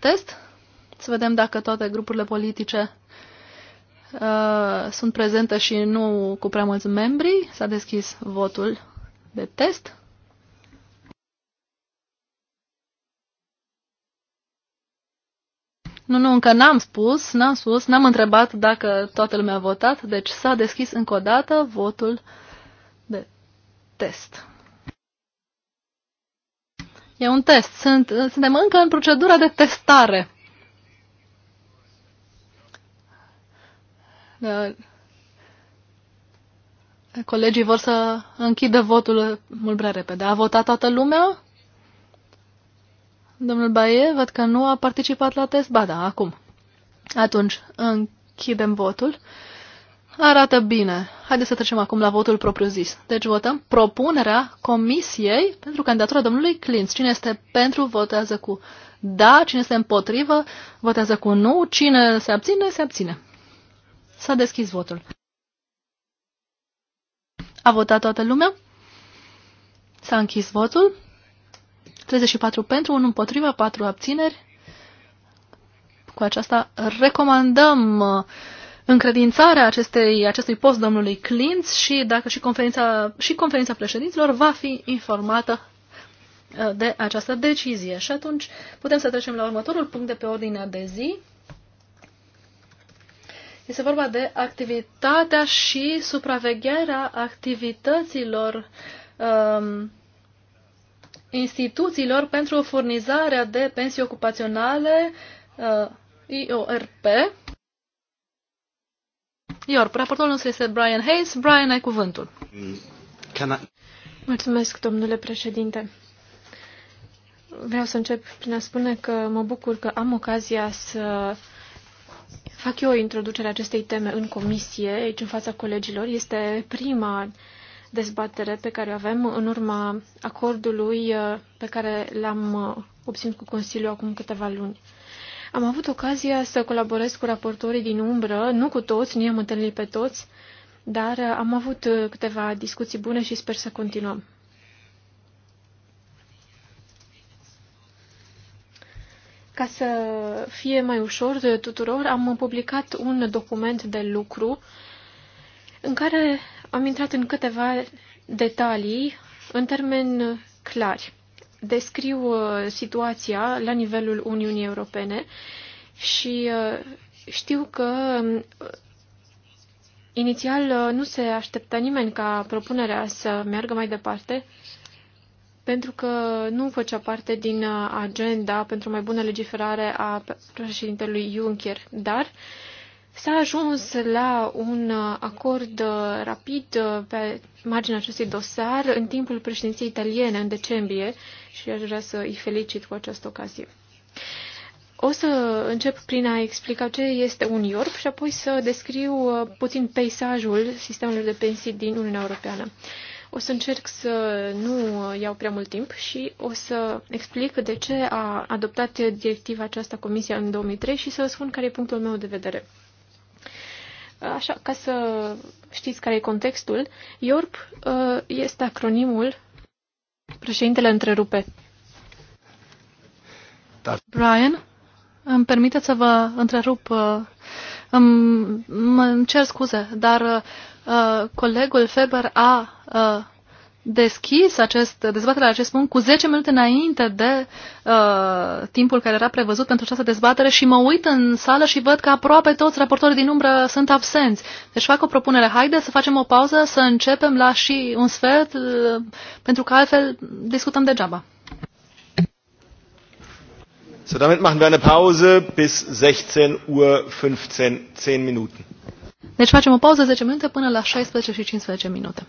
test, să vedem dacă toate grupurile politice uh, sunt prezente și nu cu prea mulți membri. S-a deschis votul de test. Nu, nu, încă n-am spus, n-am spus, n-am întrebat dacă toată lumea a votat, deci s-a deschis încă o dată votul de test. E un test. Sunt, suntem încă în procedura de testare. Da. Colegii vor să închidă votul mult prea repede. A votat toată lumea? Domnul Baie, văd că nu a participat la test. Ba da, acum. Atunci, închidem votul arată bine. Haideți să trecem acum la votul propriu-zis. Deci votăm propunerea comisiei pentru candidatura domnului Clint. Cine este pentru, votează cu da. Cine este împotrivă, votează cu nu. Cine se abține, se abține. S-a deschis votul. A votat toată lumea? S-a închis votul. 34 pentru, 1 împotrivă, 4 abțineri. Cu aceasta recomandăm uh, încredințarea acestei, acestui post domnului Clint și dacă și conferința, și conferința președinților va fi informată uh, de această decizie. Și atunci putem să trecem la următorul punct de pe ordinea de zi. Este vorba de activitatea și supravegherea activităților um, instituțiilor pentru furnizarea de pensii ocupaționale uh, IORP Ior, raportorul nostru este Brian Hayes. Brian, ai cuvântul. Mulțumesc, domnule președinte. Vreau să încep prin a spune că mă bucur că am ocazia să fac eu introducerea acestei teme în comisie, aici în fața colegilor. Este prima dezbatere pe care o avem în urma acordului uh, pe care l-am uh, obținut cu Consiliul acum câteva luni. Am avut ocazia să colaborez cu raportorii din umbră, nu cu toți, nu am întâlnit pe toți, dar uh, am avut uh, câteva discuții bune și sper să continuăm. Ca să fie mai ușor de uh, tuturor, am publicat un document de lucru în care am intrat în câteva detalii în termeni clari descriu uh, situația la nivelul Uniunii Europene și uh, știu că um, inițial uh, nu se aștepta nimeni ca propunerea să meargă mai departe, pentru că nu făcea parte din agenda pentru mai bună legiferare a președintelui Juncker, dar uh, S-a ajuns la un acord rapid pe marginea acestui dosar în timpul președinției italiene în decembrie și aș vrea să îi felicit cu această ocazie. O să încep prin a explica ce este un IORP și apoi să descriu puțin peisajul sistemelor de pensii din Uniunea Europeană. O să încerc să nu iau prea mult timp și o să explic de ce a adoptat directiva aceasta Comisia în 2003 și să spun care e punctul meu de vedere. Așa, ca să știți care e contextul, IORP uh, este acronimul președintele întrerupe. Da. Brian, îmi permiteți să vă întrerup uh, îmi, îmi cer scuze, dar uh, uh colegul Feber a uh, deschis acest, dezbaterea la acest punct cu 10 minute înainte de uh, timpul care era prevăzut pentru această dezbatere și mă uit în sală și văd că aproape toți raportorii din umbră sunt absenți. Deci fac o propunere, haide să facem o pauză, să începem la și un sfert, uh, pentru că altfel discutăm degeaba. So, damit machen wir eine Pause bis 16.15 Uhr, 10 Minuten. Deci facem o pauză 10 minute până la 16 și 15 minute.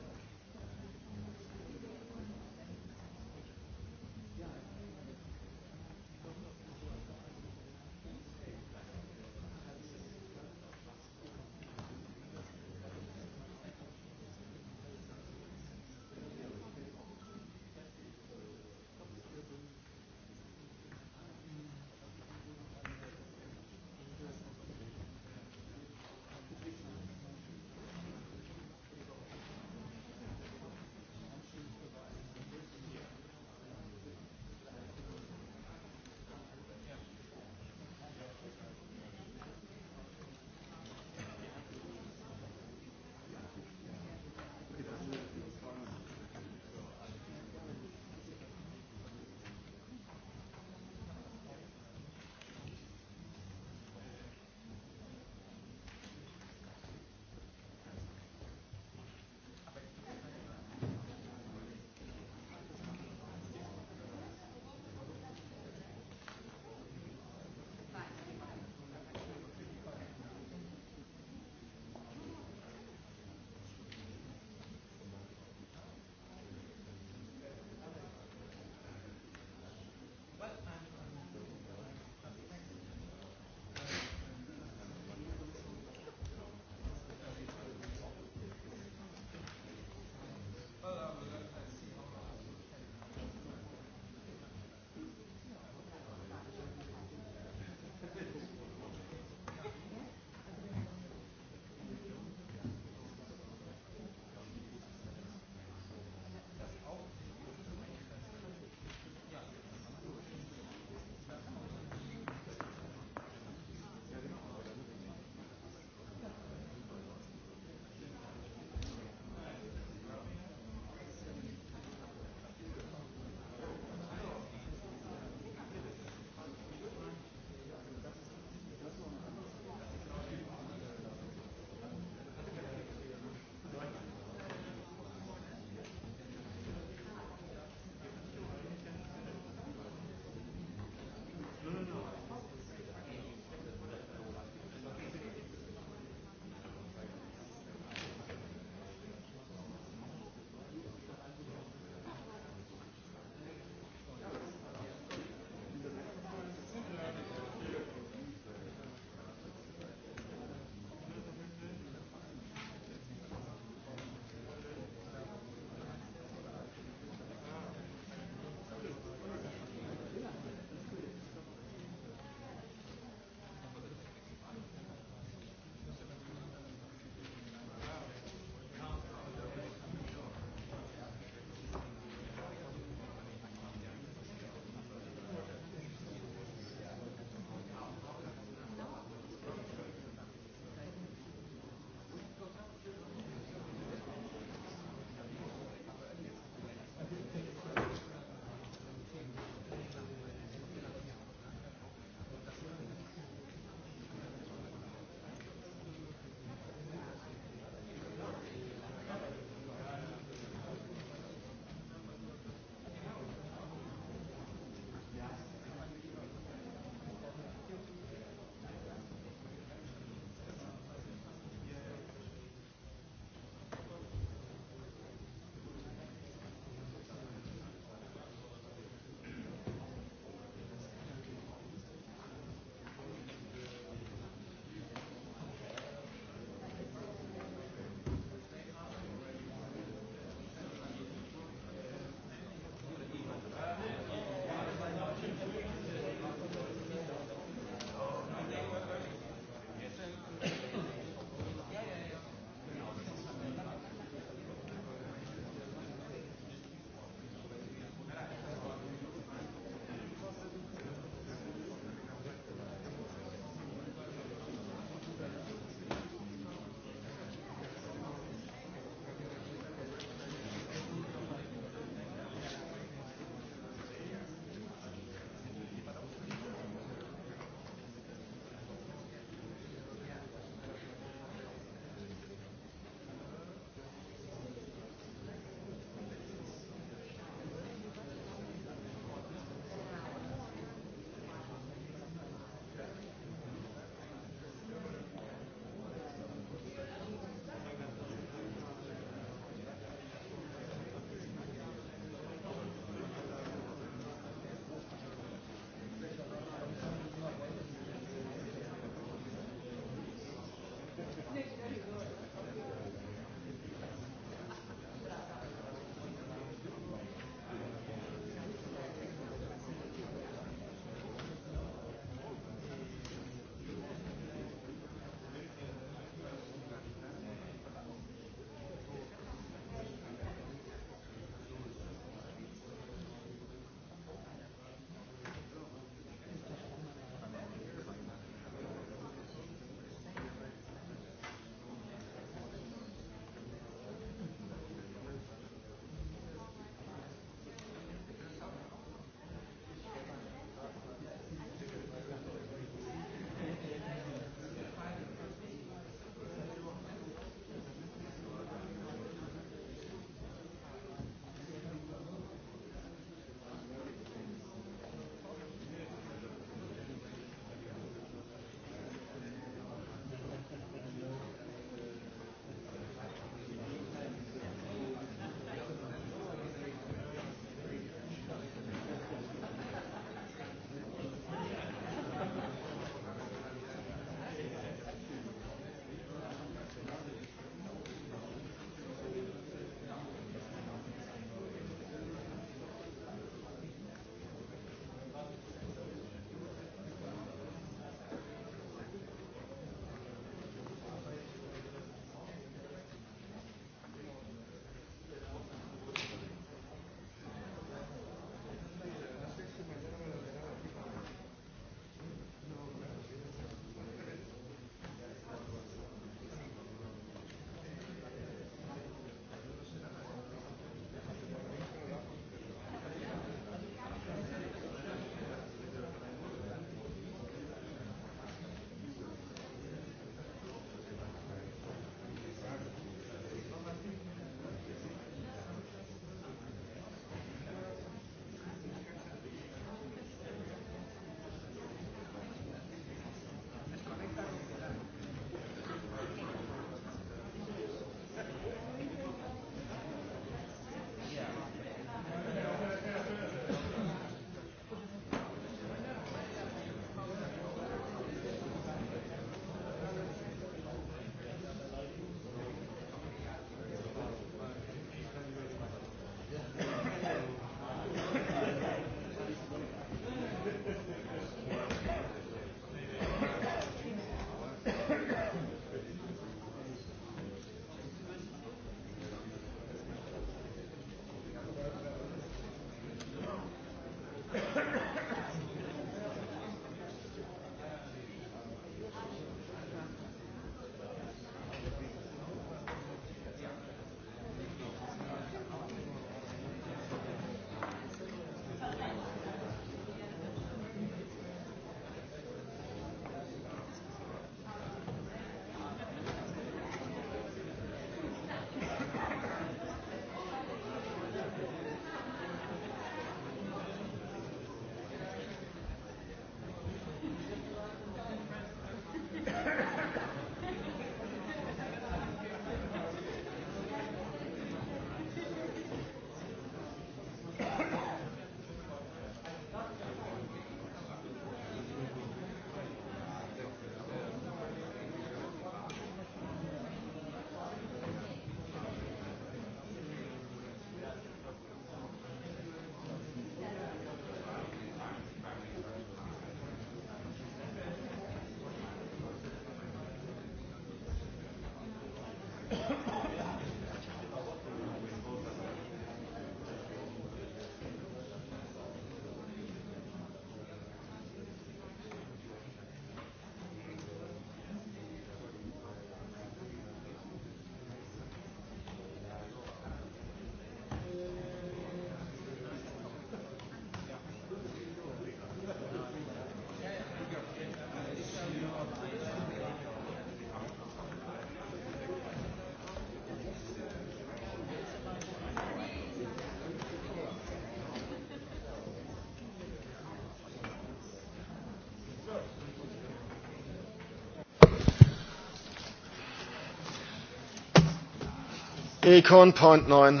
Econ Point 9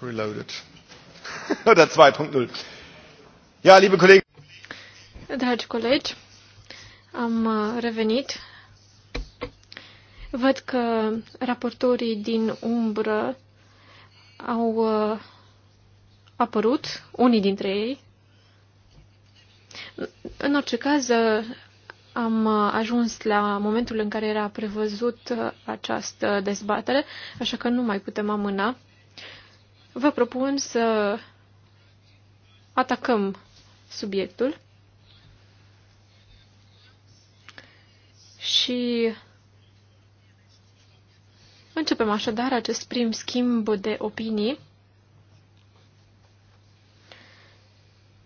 Reloaded. Oder 2.0. Ja, liebe Kollegen. Dragi colegi, am uh, revenit. Văd că raportorii din umbră au uh, apărut, unii dintre ei. În orice caz, uh, am uh, ajuns la momentul în care era prevăzut uh, această dezbatere, așa că nu mai putem amâna. Vă propun să atacăm subiectul și începem așadar acest prim schimb de opinii.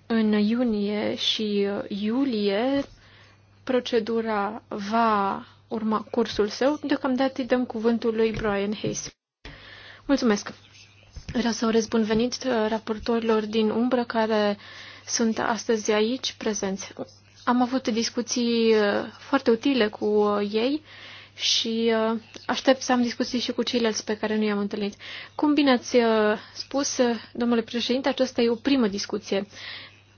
În iunie și uh, iulie procedura va urma cursul său. Deocamdată îi dăm cuvântul lui Brian Hayes. Mulțumesc! Vreau să urez bun venit uh, raportorilor din umbră care sunt astăzi aici prezenți. Am avut discuții uh, foarte utile cu uh, ei și aștept să am discuții și cu ceilalți pe care nu i-am întâlnit. Cum bine ați spus, domnule președinte, aceasta e o primă discuție.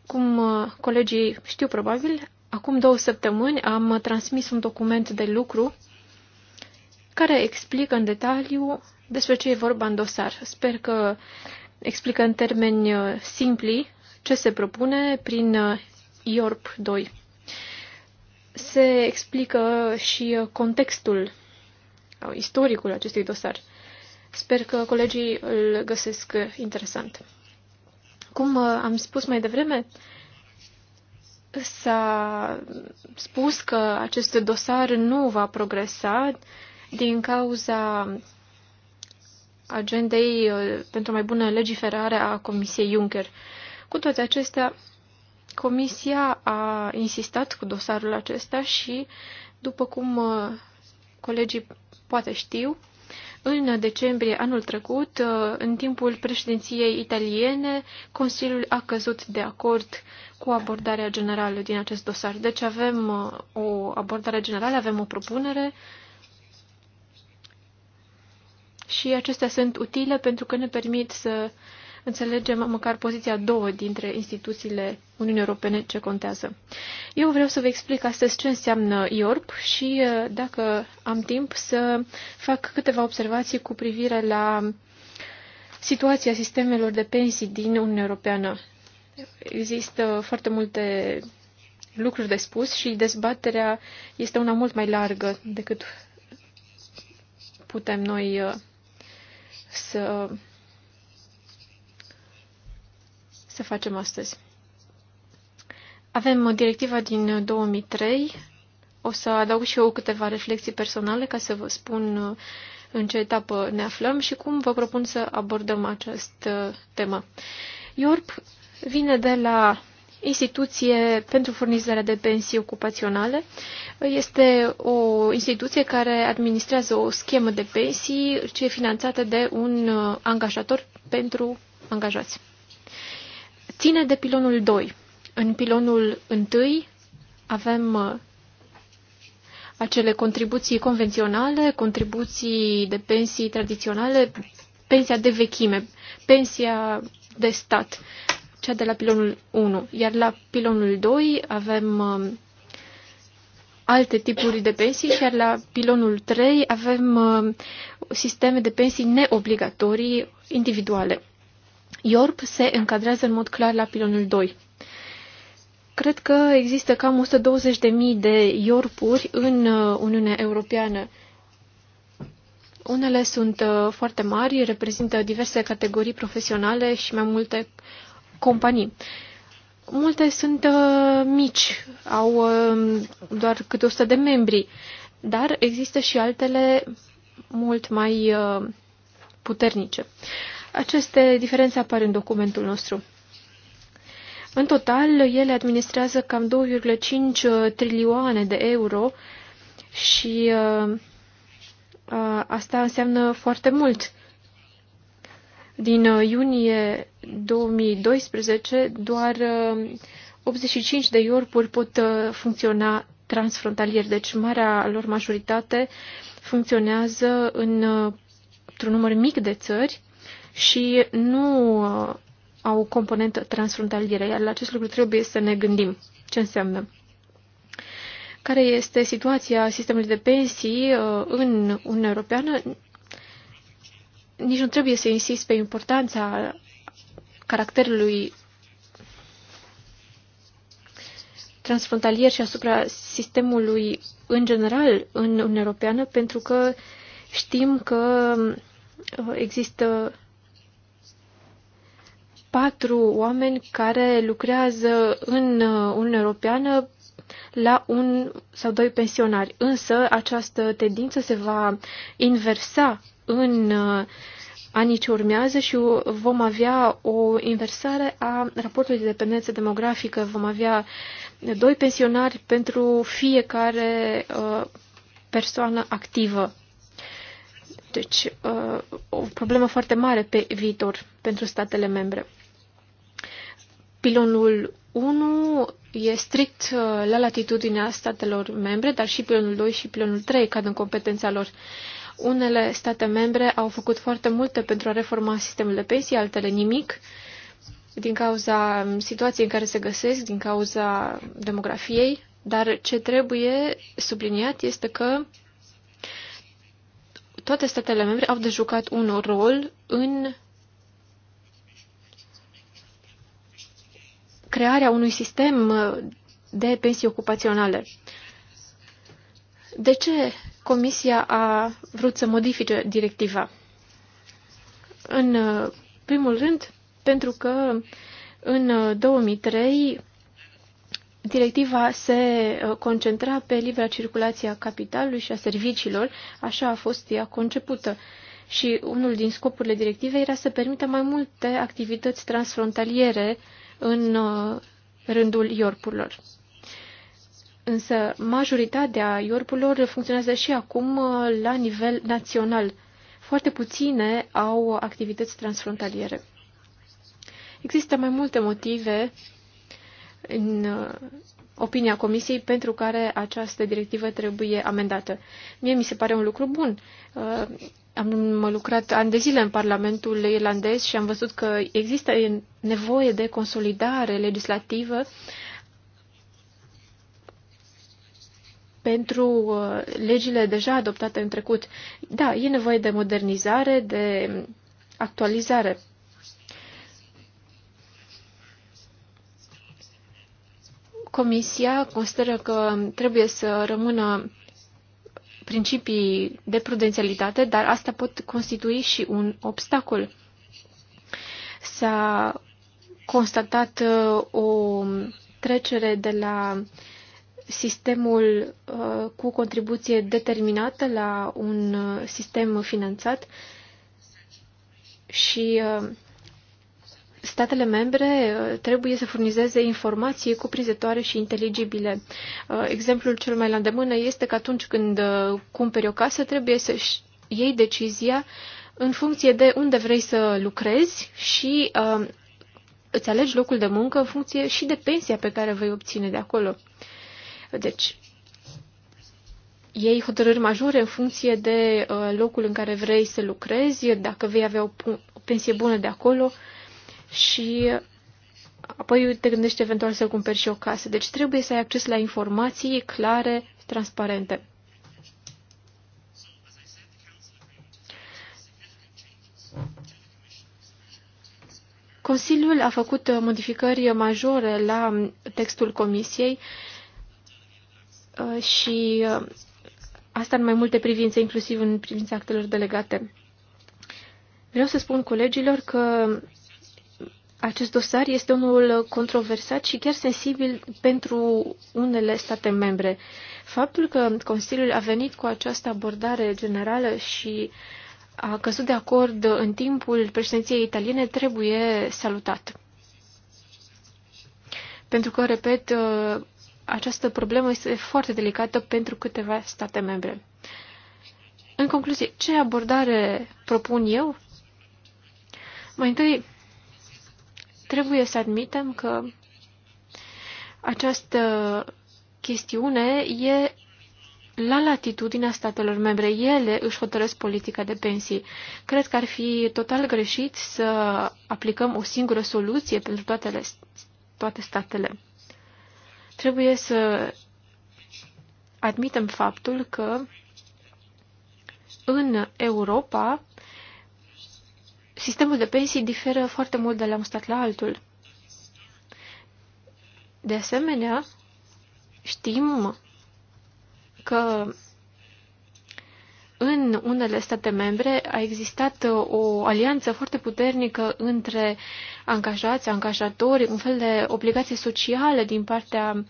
Cum colegii știu probabil, Acum două săptămâni am transmis un document de lucru care explică în detaliu despre ce e vorba în dosar. Sper că explică în termeni uh, simpli ce se propune prin uh, IORP 2. Se explică și uh, contextul istoricul acestui dosar. Sper că colegii îl găsesc interesant. Cum am spus mai devreme, s-a spus că acest dosar nu va progresa din cauza agendei uh, pentru mai bună legiferare a Comisiei Juncker. Cu toate acestea, Comisia a insistat cu dosarul acesta și, după cum uh, colegii poate știu, în decembrie anul trecut, uh, în timpul președinției italiene, Consiliul a căzut de acord cu abordarea generală din acest dosar. Deci avem uh, o abordare generală, avem o propunere și acestea sunt utile pentru că ne permit să înțelegem măcar poziția două dintre instituțiile Uniunii Europene ce contează. Eu vreau să vă explic astăzi ce înseamnă IORP și, uh, dacă am timp, să fac câteva observații cu privire la situația sistemelor de pensii din Uniunea Europeană. Există foarte multe lucruri de spus și dezbaterea este una mult mai largă decât putem noi uh, să să facem astăzi. Avem o directivă din 2003. O să adaug și eu câteva reflexii personale ca să vă spun uh, în ce etapă ne aflăm și cum vă propun să abordăm această uh, temă. IORP vine de la instituție pentru furnizarea de pensii ocupaționale. Este o instituție care administrează o schemă de pensii ce e finanțată de un uh, angajator pentru angajați ține de pilonul 2. În pilonul 1 avem uh, acele contribuții convenționale, contribuții de pensii tradiționale, pensia de vechime, pensia de stat, cea de la pilonul 1. Iar la pilonul 2 avem uh, alte tipuri de pensii, iar la pilonul 3 avem uh, sisteme de pensii neobligatorii individuale. IORP se încadrează în mod clar la pilonul 2. Cred că există cam 120.000 de iorpuri în uh, Uniunea Europeană. Unele sunt uh, foarte mari, reprezintă diverse categorii profesionale și mai multe companii. Multe sunt uh, mici, au doar câte 100 de membri, dar există și altele mult mai puternice. Aceste diferențe apar în documentul nostru. În total, ele administrează cam 2,5 uh, trilioane de euro și uh, uh, asta înseamnă foarte mult. Din uh, iunie 2012, doar uh, 85 de iorpuri pot uh, funcționa transfrontalier, deci marea lor majoritate funcționează în, uh, într-un număr mic de țări și nu uh, au o componentă transfrontalieră, iar la acest lucru trebuie să ne gândim ce înseamnă. Care este situația sistemului de pensii uh, în Uniunea Europeană? Nici nu trebuie să insist pe importanța caracterului transfrontalier și asupra sistemului în general în Uniunea Europeană, pentru că știm că uh, există patru oameni care lucrează în uh, Uniunea Europeană la un sau doi pensionari. Însă această tendință se va inversa în uh, anii ce urmează și vom avea o inversare a raportului de dependență demografică. Vom avea doi pensionari pentru fiecare uh, persoană activă. Deci, o problemă foarte mare pe viitor pentru statele membre. Pilonul 1 e strict uh, la latitudinea statelor membre, dar și pilonul 2 și pilonul 3 cad în competența lor. Unele state membre au făcut foarte multe pentru a reforma sistemul de pensii, altele nimic, din cauza um, situației în care se găsesc, din cauza demografiei, dar ce trebuie subliniat este că toate statele membre au de jucat un rol în crearea unui sistem uh, de pensii ocupaționale. De ce Comisia a vrut să modifice directiva? În uh, primul rând, pentru că în 2003 uh, directiva se concentra pe libera circulație a capitalului și a serviciilor, așa a fost ea concepută. Și unul din scopurile directivei era să permită mai multe activități transfrontaliere în uh, rândul iorpurilor. Însă majoritatea iorpurilor funcționează și acum uh, la nivel național. Foarte puține au activități transfrontaliere. Există mai multe motive în uh, opinia Comisiei pentru care această directivă trebuie amendată. Mie mi se pare un lucru bun. Am lucrat ani de zile în Parlamentul irlandez și am văzut că există nevoie de consolidare legislativă pentru uh, legile deja adoptate în trecut. Da, e nevoie de modernizare, de actualizare. Comisia consideră că trebuie să rămână principii de prudențialitate, dar asta pot constitui și un obstacol. S-a constatat uh, o trecere de la sistemul uh, cu contribuție determinată la un uh, sistem finanțat și statele membre uh, trebuie să furnizeze informații cuprinzătoare și inteligibile. Uh, exemplul cel mai la îndemână este că atunci când uh, cumperi o casă trebuie să iei decizia în funcție de unde vrei să lucrezi și uh, îți alegi locul de muncă în funcție și de pensia pe care vei obține de acolo. Deci, iei hotărâri majore în funcție de uh, locul în care vrei să lucrezi, dacă vei avea o, o pensie bună de acolo, uh, și apoi te gândești eventual să cumperi și o casă. Deci trebuie să ai acces la informații clare, transparente. Consiliul a făcut modificări majore la textul Comisiei uh, și uh, asta în mai multe privințe, inclusiv în privința actelor delegate. Vreau să spun colegilor că acest dosar este unul controversat și chiar sensibil pentru unele state membre. Faptul că Consiliul a venit cu această abordare generală și a căzut de acord în timpul președinției italiene trebuie salutat. Pentru că, repet, această problemă este foarte delicată pentru câteva state membre. În concluzie, ce abordare propun eu? Mai întâi, Trebuie să admitem că această chestiune e la latitudinea statelor membre. Ele își hotărăsc politica de pensii. Cred că ar fi total greșit să aplicăm o singură soluție pentru toate, toate statele. Trebuie să admitem faptul că în Europa Sistemul de pensii diferă foarte mult de la un stat la altul. De asemenea, știm că în unele state membre a existat uh, o alianță foarte puternică între angajați, angajatori, un fel de obligație socială din partea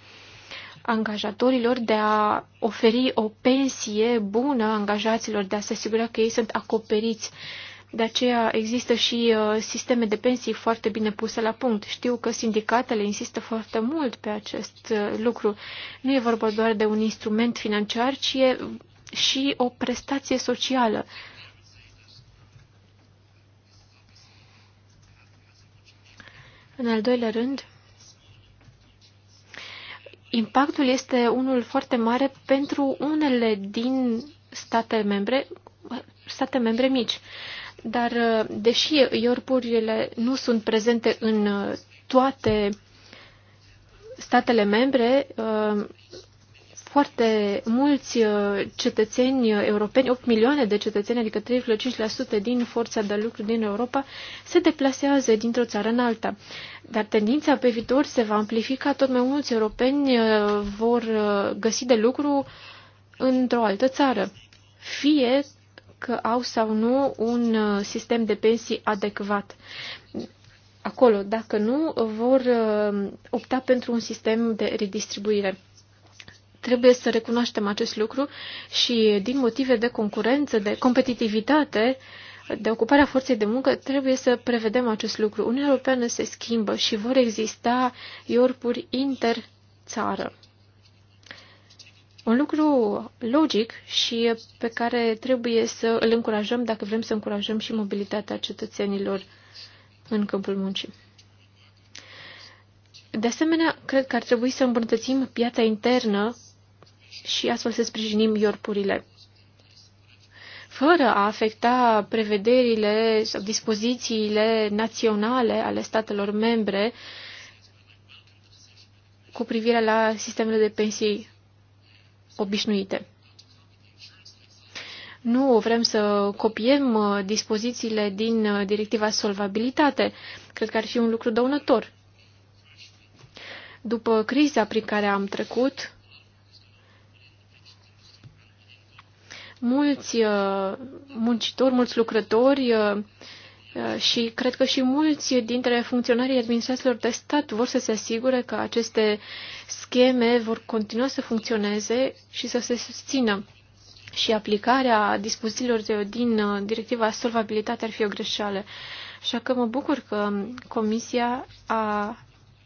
angajatorilor de a oferi o pensie bună angajaților, de a se asigura că ei sunt acoperiți uh, de aceea există și uh, sisteme de pensii foarte bine puse la punct. Știu că sindicatele insistă foarte mult pe acest uh, lucru. Nu e vorba doar de un instrument financiar, ci e și o prestație socială. În al doilea rând, impactul este unul foarte mare pentru unele din state membre, state membre mici. Dar, uh, deși iorp nu sunt prezente în uh, toate statele membre, uh, foarte mulți cetățeni europeni, 8 milioane de cetățeni, adică 3,5% din forța de lucru din Europa, se deplasează dintr-o țară în alta. Dar tendința pe viitor se va amplifica, tot mai mulți europeni vor găsi de lucru într-o altă țară. Fie dacă au sau nu un uh, sistem de pensii adecvat. Acolo, dacă nu, vor uh, opta pentru un sistem de redistribuire. Trebuie să recunoaștem acest lucru și din motive de concurență, de competitivitate, de ocuparea forței de muncă, trebuie să prevedem acest lucru. Uniunea Europeană se schimbă și vor exista iorpuri inter-țară. Un lucru logic și pe care trebuie să îl încurajăm dacă vrem să încurajăm și mobilitatea cetățenilor în câmpul muncii. De asemenea, cred că ar trebui să îmbunătățim piața internă și astfel să sprijinim iorpurile. Fără a afecta prevederile sau dispozițiile naționale ale statelor membre cu privire la sistemele de pensii obișnuite. Nu vrem să copiem uh, dispozițiile din uh, directiva solvabilitate. Cred că ar fi un lucru dăunător. După criza prin care am trecut, mulți uh, muncitori, mulți lucrători Uh, și cred că și mulți dintre funcționarii administrațiilor de stat vor să se asigure că aceste scheme vor continua să funcționeze și să se susțină. Și aplicarea dispozițiilor din uh, directiva solvabilitate ar fi o greșeală. Așa că mă bucur că Comisia a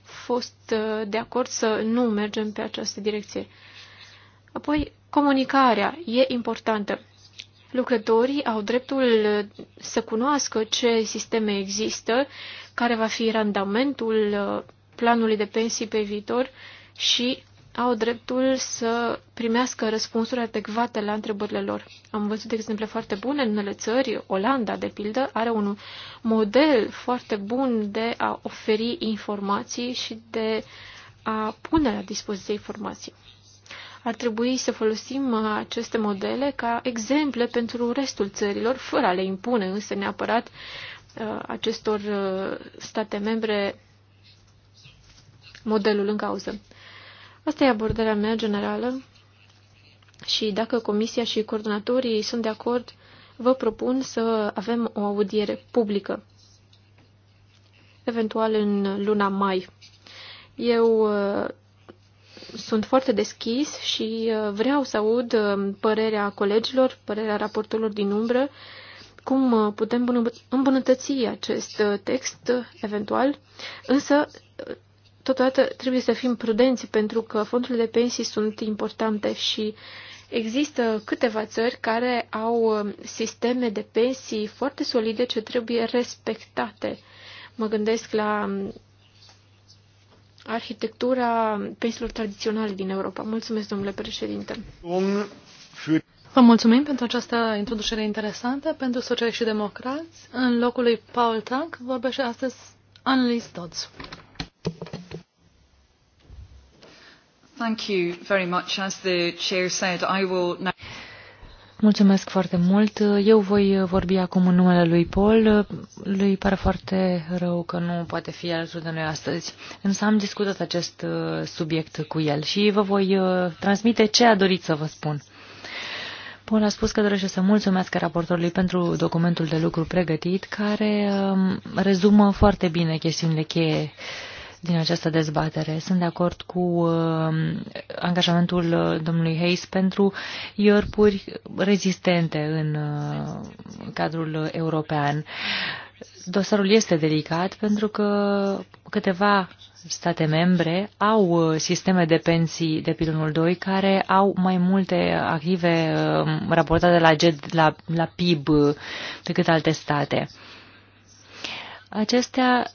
fost uh, de acord să nu mergem pe această direcție. Apoi, comunicarea e importantă lucrătorii au dreptul să cunoască ce sisteme există, care va fi randamentul uh, planului de pensii pe viitor și au dreptul să primească răspunsuri adecvate la întrebările lor. Am văzut exemple foarte bune în unele țări, Olanda, de pildă, are un model foarte bun de a oferi informații și de a pune la dispoziție informații. Ar trebui să folosim uh, aceste modele ca exemple pentru restul țărilor, fără a le impune însă neapărat uh, acestor uh, state membre modelul în cauză. Asta e abordarea mea generală și dacă Comisia și coordonatorii sunt de acord, vă propun să avem o audiere publică, eventual în luna mai. Eu sunt foarte deschis și uh, vreau să aud uh, părerea colegilor, părerea raportorilor din umbră, cum uh, putem îmbunătăți acest text, eventual, însă totodată trebuie să fim prudenți pentru că fondurile de pensii sunt importante și există câteva țări care au sisteme de pensii foarte solide ce trebuie respectate. Mă gândesc la um, arhitectura pensiilor tradiționale din Europa. Mulțumesc, domnule președinte. Vă mulțumim pentru această introducere interesantă. Pentru socialiști și democrați, în locul lui Paul Tank, vorbește astăzi Annelies Dodds. Thank you very much. As the chair said, I will now... Mulțumesc foarte mult. Eu voi vorbi acum în numele lui Paul. Lui pare foarte rău că nu poate fi alături de noi astăzi. Însă am discutat acest uh, subiect cu el și vă voi uh, transmite ce a dorit să vă spun. Paul a spus că dorește să mulțumesc raportorului pentru documentul de lucru pregătit, care um, rezumă foarte bine chestiunile cheie din această dezbatere. Sunt de acord cu uh, angajamentul domnului Hayes pentru iorpuri rezistente în uh, cadrul european. Dosarul este delicat pentru că câteva state membre au uh, sisteme de pensii de pilonul 2 care au mai multe active um, raportate la, GED, la, la PIB decât alte state. Acestea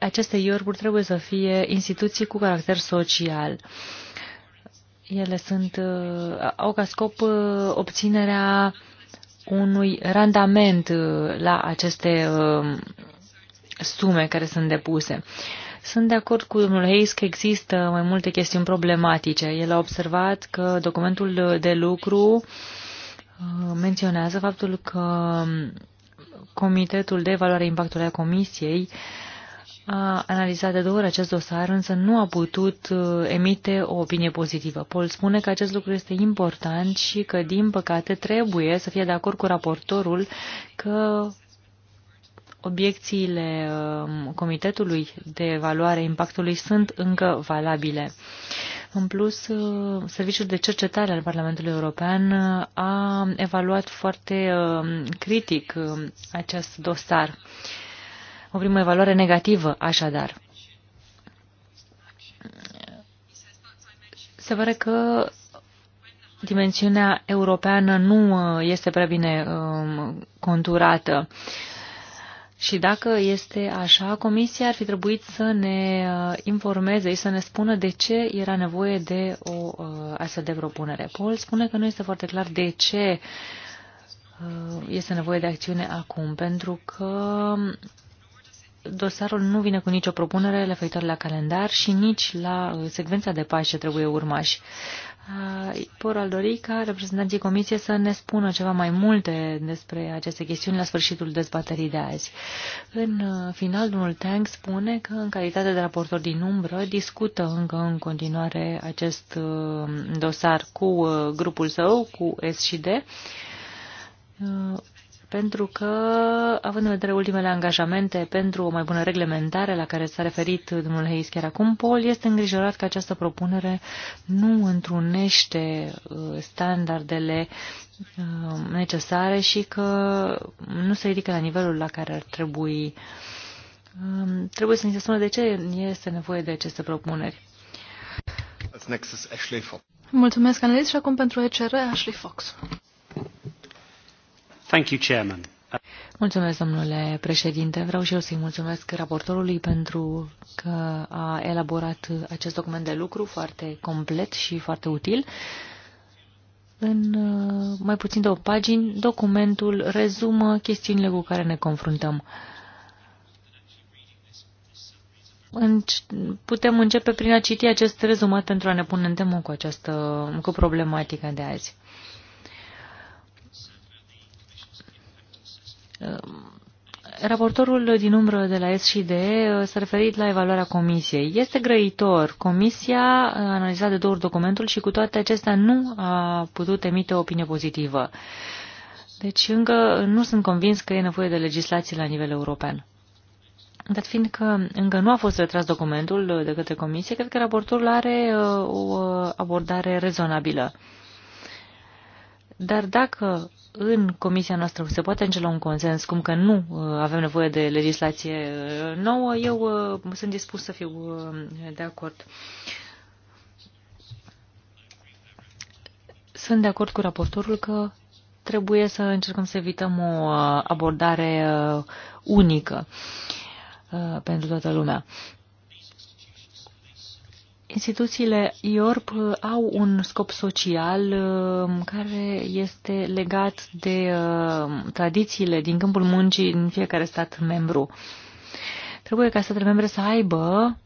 aceste iorb trebuie să fie instituții cu caracter social. Ele sunt, uh, au ca scop uh, obținerea unui randament uh, la aceste sume care sunt depuse. Sunt de acord cu domnul Hayes că există mai multe chestiuni problematice. El a observat că documentul de lucru menționează faptul că Comitetul de Evaluare Impactului a Comisiei uh, a analizat de două ori acest dosar, însă nu a putut uh, emite o opinie pozitivă. Paul spune că acest lucru este important și că, din păcate, trebuie să fie de acord cu raportorul că obiecțiile um, Comitetului de Evaluare Impactului sunt încă valabile. În plus, uh, Serviciul de Cercetare al Parlamentului European uh, a evaluat foarte um, critic um, acest dosar o primă evaluare negativă, așadar. Se pare că dimensiunea europeană nu uh, este prea bine um, conturată. Și dacă este așa, Comisia ar fi trebuit să ne uh, informeze și să ne spună de ce era nevoie de o uh, astfel de propunere. Paul spune că nu este foarte clar de ce este nevoie de acțiune acum, pentru că dosarul nu vine cu nicio propunere referitor la calendar și nici la uh, secvența de pași ce trebuie urmași. Uh, Por al dori ca reprezentanții comisiei să ne spună ceva mai multe despre aceste chestiuni la sfârșitul dezbaterii de azi. În uh, final, domnul Tang spune că, în calitate de raportor din umbră, discută încă în continuare acest dosar cu grupul său, cu S și D, pentru că, având în vedere ultimele angajamente pentru o mai bună reglementare la care s-a referit domnul Hayes chiar acum, Paul este îngrijorat că această propunere nu întrunește uh, standardele uh, necesare și că nu se ridică la nivelul la care ar trebui. Um, trebuie să ne se spună de ce este nevoie de aceste propuneri. Mulțumesc, Annelies, și acum pentru ECR, Ashley Fox. Mulțumesc, domnule președinte. Vreau și eu să-i mulțumesc raportorului pentru că a elaborat acest document de lucru foarte complet și foarte util. În uh, mai puțin de o pagini, documentul rezumă chestiunile cu care ne confruntăm. Putem începe prin a citi acest rezumat pentru a ne pune în temă cu, această, cu problematică de azi. Ehm, raportorul din umbră de la SCD uh, s-a referit la evaluarea comisiei. Este grăitor. Comisia a analizat de două ori documentul și cu toate acestea nu a putut emite o opinie pozitivă. Deci încă nu sunt convins că e nevoie de legislație la nivel european. Dar fiindcă încă nu a fost retras documentul de către comisie, cred că raportorul are uh, o abordare rezonabilă. Dar dacă în comisia noastră se poate încela un consens, cum că nu uh, avem nevoie de legislație uh, nouă, eu uh, sunt dispus să fiu de acord. Sunt de acord cu raportorul că trebuie să încercăm să evităm o abordare unică pentru toată lumea. Instituțiile IORP au un scop social um, care este legat de um, tradițiile din câmpul muncii în fiecare stat membru. Trebuie ca statele membre să aibă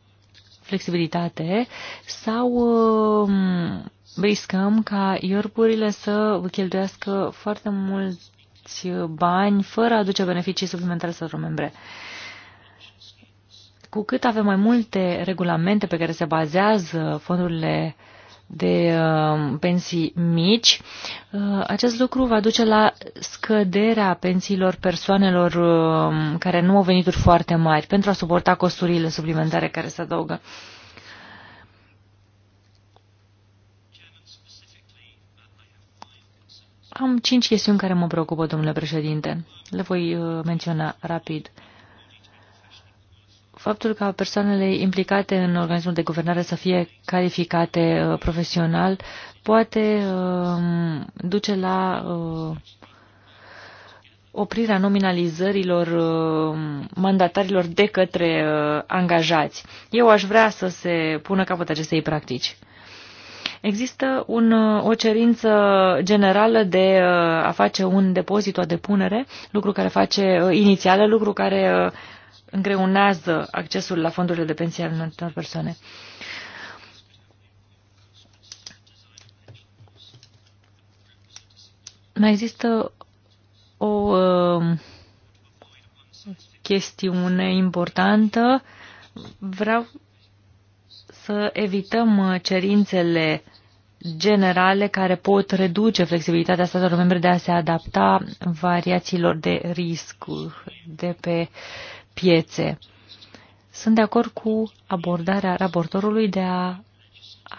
flexibilitate sau um, riscăm ca IORP-urile să cheltuiască foarte mulți bani fără a aduce beneficii suplimentare statelor membre. Cu cât avem mai multe regulamente pe care se bazează fondurile de uh, pensii mici, uh, acest lucru va duce la scăderea pensiilor persoanelor uh, care nu au venituri foarte mari pentru a suporta costurile suplimentare care se adaugă. Am cinci chestiuni care mă preocupă, domnule președinte. Le voi menționa rapid. Uh, faptul ca persoanele implicate în organismul de guvernare să fie calificate uh, profesional poate um, duce la uh, oprirea nominalizărilor um, mandatarilor de către uh, angajați. Eu aș vrea să se pună capăt acestei practici. Există un, o cerință generală de a face un depozit, o depunere, lucru care face inițială, lucru care îngreunează accesul la fondurile de pensie al unor persoane. Mai există o uh, chestiune importantă. Vreau să evităm cerințele generale care pot reduce flexibilitatea statelor membre de a se adapta variațiilor de risc de pe piețe. Sunt de acord cu abordarea raportorului de a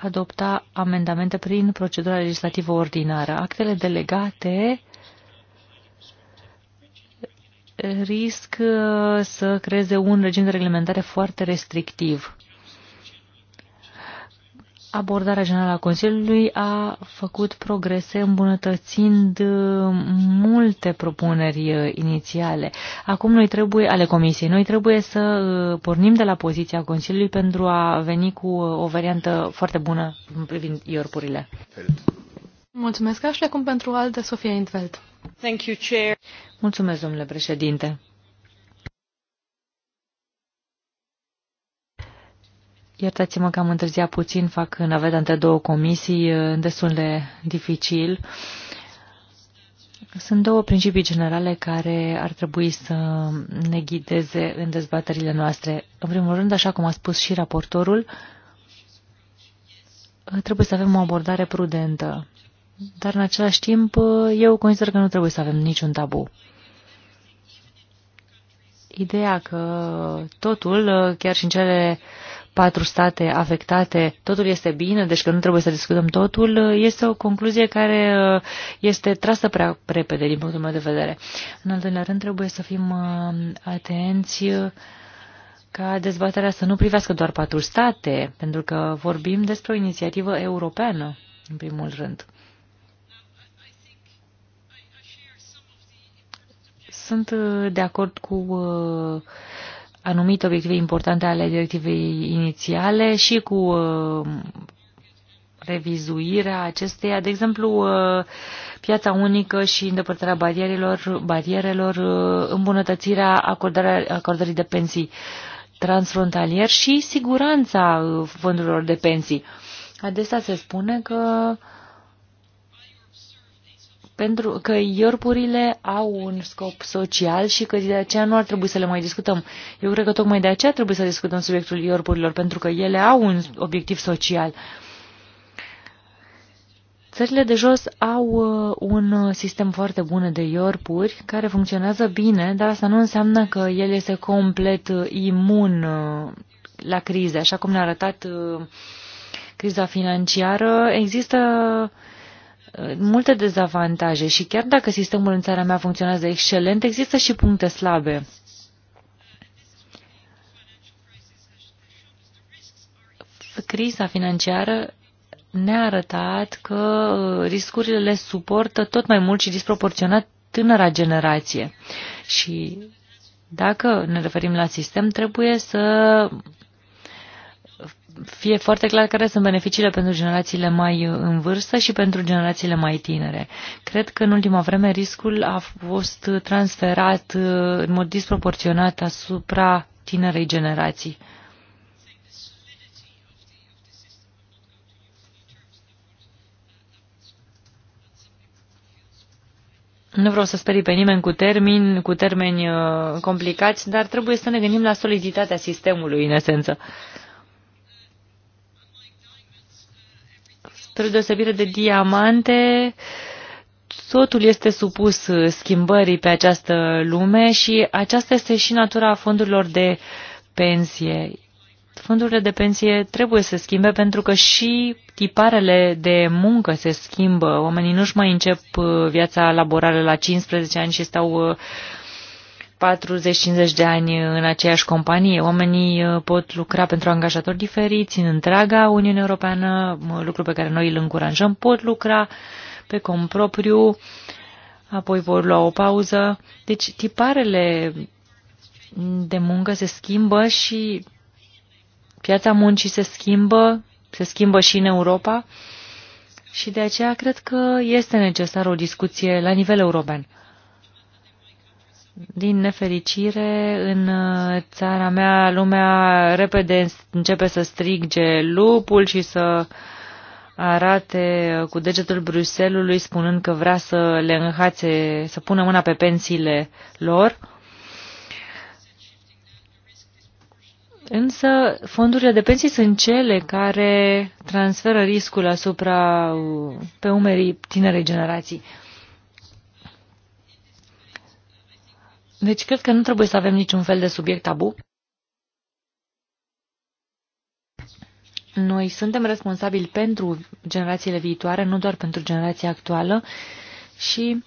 adopta amendamente prin procedura legislativă ordinară. Actele delegate risc uh, să creeze un regim de reglementare foarte restrictiv abordarea generală a Consiliului a făcut progrese îmbunătățind uh, multe propuneri uh, inițiale. Acum noi trebuie, ale Comisiei, noi trebuie să uh, pornim de la poziția Consiliului pentru a veni cu o variantă foarte bună privind iorpurile. Mulțumesc, Ashley, acum pentru alte Sofia Intveld. Thank you, Chair. Mulțumesc, domnule președinte. Iertați-mă că am întârziat puțin, fac naveta între două comisii, destul de dificil. Sunt două principii generale care ar trebui să ne ghideze în dezbaterile noastre. În primul rând, așa cum a spus și raportorul, trebuie să avem o abordare prudentă. Dar în același timp, eu consider că nu trebuie să avem niciun tabu. Ideea că totul, chiar și în cele uh, patru state afectate, totul este bine, deci că nu trebuie să discutăm totul, este o concluzie care uh, este trasă prea repede din punctul meu de vedere. În al doilea rând, trebuie să fim uh, atenți uh, ca dezbaterea să nu privească doar patru state, pentru că vorbim despre o inițiativă europeană, în primul rând. Sunt de acord cu anumite obiective importante ale directivei inițiale și cu uh, revizuirea acesteia, de exemplu, uh, piața unică și îndepărtarea barierelor, barierelor uh, îmbunătățirea acordării de pensii transfrontalier și siguranța fondurilor de pensii. Adesea se spune că pentru că iorpurile au un scop social și că de aceea nu ar trebui să le mai discutăm. Eu cred că tocmai de aceea trebuie să discutăm subiectul iorpurilor, pentru că ele au un obiectiv social. Țările de jos au uh, un sistem foarte bun de iorpuri care funcționează bine, dar asta nu înseamnă că el este complet uh, imun uh, la crize. Așa cum ne-a arătat criza financiară, există uh, multe dezavantaje și chiar dacă sistemul în țara mea funcționează excelent, există și puncte slabe. Criza financiară ne-a arătat că riscurile le suportă tot mai mult și disproporționat tânăra generație. Și dacă ne referim la sistem, trebuie să fie foarte clar care sunt beneficiile pentru generațiile mai uh, în vârstă și pentru generațiile mai tinere. Cred că în ultima vreme riscul a fost transferat uh, în mod disproporționat asupra tinerei generații. Nu vreau să sperii pe nimeni cu termeni, cu termeni uh, complicați, dar trebuie să ne gândim la soliditatea sistemului, în esență. Uh, spre deosebire de diamante, totul este supus schimbării pe această lume și aceasta este și natura fondurilor de pensie. Fondurile de pensie trebuie să schimbe pentru că și tiparele de muncă se schimbă. Oamenii nu-și mai încep uh, viața laborală la 15 ani și stau uh, 40-50 de ani în aceeași companie. Oamenii uh, pot lucra pentru angajatori diferiți în întreaga Uniune Europeană, lucru pe care noi îl încurajăm, pot lucra pe cont propriu, apoi vor lua o pauză. Deci tiparele de muncă se schimbă și piața muncii se schimbă, se schimbă și în Europa și de aceea cred că este necesară o discuție la nivel european. Din nefericire, în uh, țara mea, lumea repede începe să strige lupul și să arate cu degetul Bruselului, spunând că vrea să le înhațe, să pună mâna pe pensiile lor. Însă, fondurile de pensii sunt cele care transferă riscul asupra uh, pe umerii tinerei generații. Deci cred că nu trebuie să avem niciun fel de subiect tabu. Noi suntem responsabili pentru generațiile viitoare, nu doar pentru generația actuală și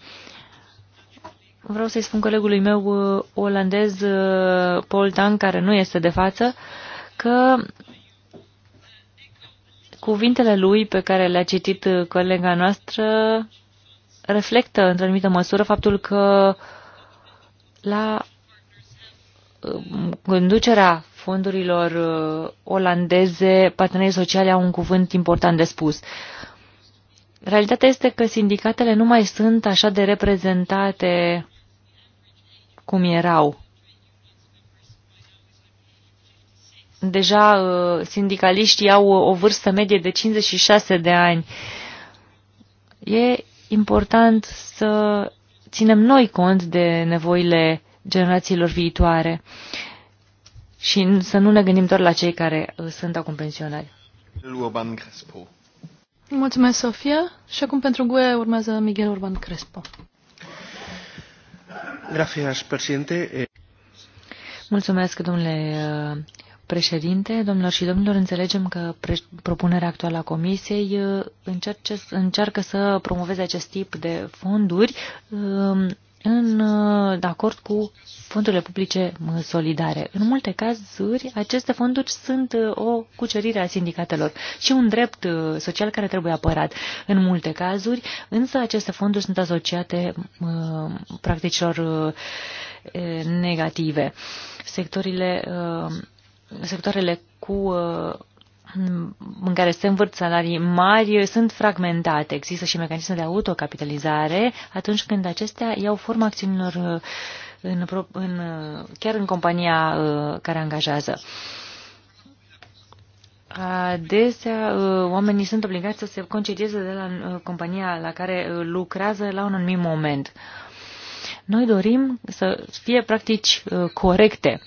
vreau să-i spun colegului meu uh, olandez, uh, Paul Dan, care nu este de față, că cuvintele lui pe care le-a citit uh, colega noastră reflectă într-o anumită măsură faptul că uh, la um, conducerea fondurilor uh, olandeze, partenerii sociale au un cuvânt important de spus. Realitatea este că sindicatele nu mai sunt așa de reprezentate cum erau. Deja uh, sindicaliștii au o vârstă medie de 56 de ani. E important să ținem noi cont de nevoile generațiilor viitoare și să nu ne gândim doar la cei care uh, sunt acum pensionari. Urban Crespo. Mulțumesc, Sofia. Și acum pentru GUE urmează Miguel Urban Crespo. Gracias, presidente. Mulțumesc, domnule uh, președinte, domnilor și domnilor, înțelegem că propunerea actuală a Comisiei uh, încerce, încearcă să promoveze acest tip de fonduri um, în uh, de acord cu fondurile publice uh, solidare. În multe cazuri, aceste fonduri sunt o cucerire a sindicatelor și un drept social care trebuie apărat. În multe cazuri, însă, aceste fonduri sunt asociate practicilor negative. Sectorile sectoarele cu uh, în care se învârt salarii mari sunt fragmentate. Există și mecanisme de autocapitalizare atunci când acestea iau forma acțiunilor uh, în, în, uh, chiar în compania care angajează. Adesea, oamenii sunt obligați să se concedieze de la compania la care lucrează la un anumit moment. Noi dorim să fie practici corecte